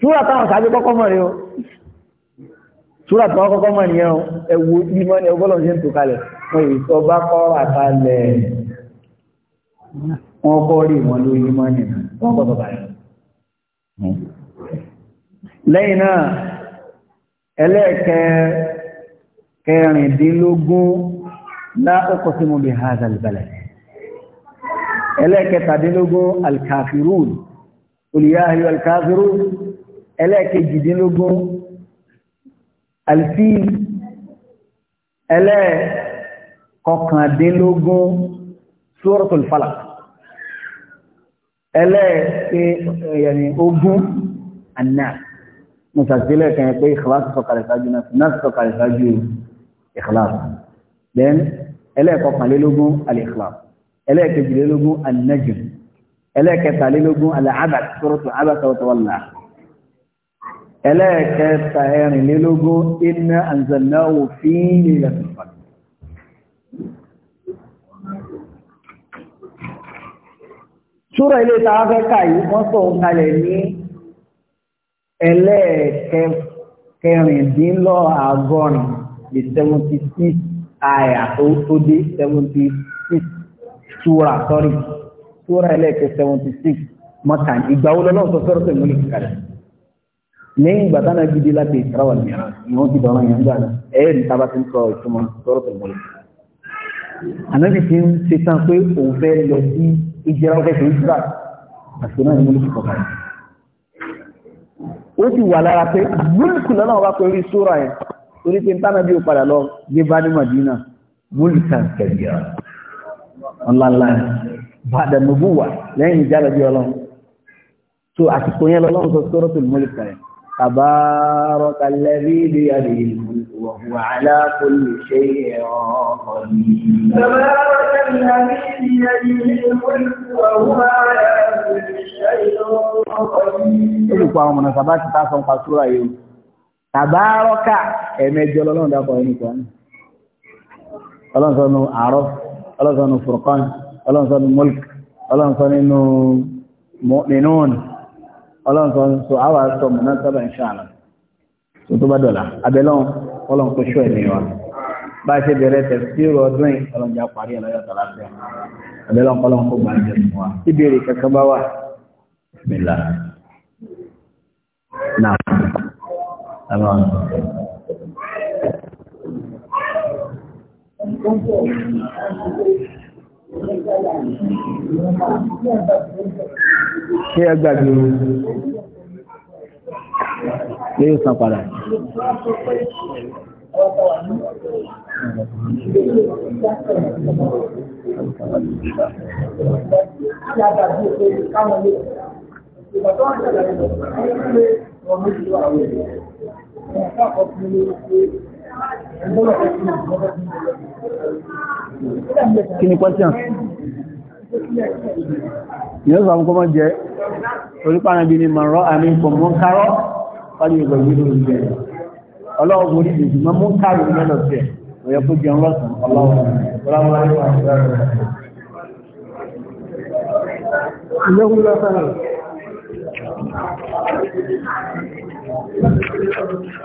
túrà táwọn sàájú kọ́kọ́ mọ̀ rí o túrà táwọn kọ́kọ́ mọ̀ nìyẹn o ẹ̀wù ìmọ̀ ni ọgọ́lọ́ ṣe ń tò kalẹ̀ wọ́n yìí sọ bá kọ́ àtàlẹ̀ wọ́n kọ́ rí wọn lórí ìmọ̀ nìyẹn wọ́n kọ́ sọ̀bà rẹ̀ ẹlẹ́ẹ̀kẹtàdínlógún alkafirun olùyáhìí alkafirun ẹlẹ́ẹ̀kejìdínlógún alfi ẹlẹ́ẹ̀kọkàndínlógún suratul falak ẹlẹ́ẹ̀kẹ́ ogún annas mùsàtílẹ̀ kan pé ìkìláàsì sọ̀kalẹ̀ sáájú náà sọ̀kalẹ̀ sáájú ìkìláàsì then ẹlẹ́ẹ̀kọkànlélógún alìkìláàsì ẹlẹ́ẹ̀kejìlélógún an-najm ẹlẹ́ẹ̀kẹtàlélógún al-abasa suratu abasa wa tawalla ẹlẹ́ẹ̀kẹta ẹ̀rìnlélógún inna anzalnahu fi lailatul qadr Súra ilé ta fẹ́ kàyí wọ́n sọ ń kalẹ̀ ní ẹlẹ́ẹ̀kẹrìndínlọ́àgọ́rin the ṣúra sọ́rí ṣúra ẹlẹ́ẹ̀kẹ́ 76 mọ́tàn ìgbà wo lọ́lọ́ sọ sọ́rọ́ sẹ́yìn múlẹ̀ kíkàlẹ̀ lẹ́yìn ìgbà tánà gidi láti ìsirawa mìíràn ni wọ́n ti dọ̀rọ̀ yẹn gbà ẹ̀ẹ́ ní tábà ti ń sọ ìtumọ̀ sọ́rọ́ sẹ́yìn múlẹ̀ ànábì ti ń ṣe tán pé òun fẹ́ lọ sí ìjẹra ọkẹ́ tó ń ṣúra àti náà ni múlẹ̀ kíkọ̀ ó sì wà lára pé múlùkù lọ́nà wá pé orí ṣúra yẹn torí pé ń tánà bí ó padà lọ gbé bá ní Madina múlùkù kẹ̀yà ńláńlá ni bàdà nùbúwà lẹ́yìn ìjára bí ọlọ́run tó àsìkò yẹn lọ́lọ́run sọ sọ́rọ́ tó lùmọ́lì kàrẹ̀ àbárọ̀ kalẹ̀ rí ibi àdè ìwọ̀hùn aláàkó lè ṣe ọkọ̀ ní. àbárọ̀ kalẹ̀ rí ibi àdè ìwọ̀hùn aláàkó lè ṣe ọkọ̀ ní. olùkọ́ àwọn ọmọ sábà ti tásán pa ká ẹ̀mẹjọ lọ́lọ́run dápọ̀ ẹnì kan ọlọ́run sọ aláǹsánú furqan aláǹsánú mulk aláǹsánú mu'minun aláǹsánú so àwà sọ mọ̀ná sábà ń ṣàlá so tó bá dọ̀là abẹ́lọ́n ọlọ́n kò ṣọ́ ẹ̀mí wa bá ṣe bẹ̀rẹ̀ tẹ̀síìrò ọdún ọlọ́njà parí ẹ̀lọ́yọ̀ tọ́lá fẹ́ abẹ́lọ́n kọ́lọ́n Ṣé ẹ gbàgbé o? Ṣé yóò san padà? Ìgbàtọ́ àṣẹ́lẹ̀ ìgbàtọ́ àṣẹ́lẹ̀ ìgbàtọ́ àṣẹ́lẹ̀ kí ni question yóò sọ fún kọmọ jẹ́ orípàánabi ni mọ̀rọ̀ àmì ìfọ̀mọ́ kárọ́ pàdé ìgbẹ̀gbẹ̀ ìgbẹ̀ ọlọ́ọ̀gbọ̀n ní ìgbìmọ̀ mú kárò mẹ́lọ̀ sí ẹ̀ òyẹ fún jẹun lọ́sàn ọlọ́ọ̀gbọ̀n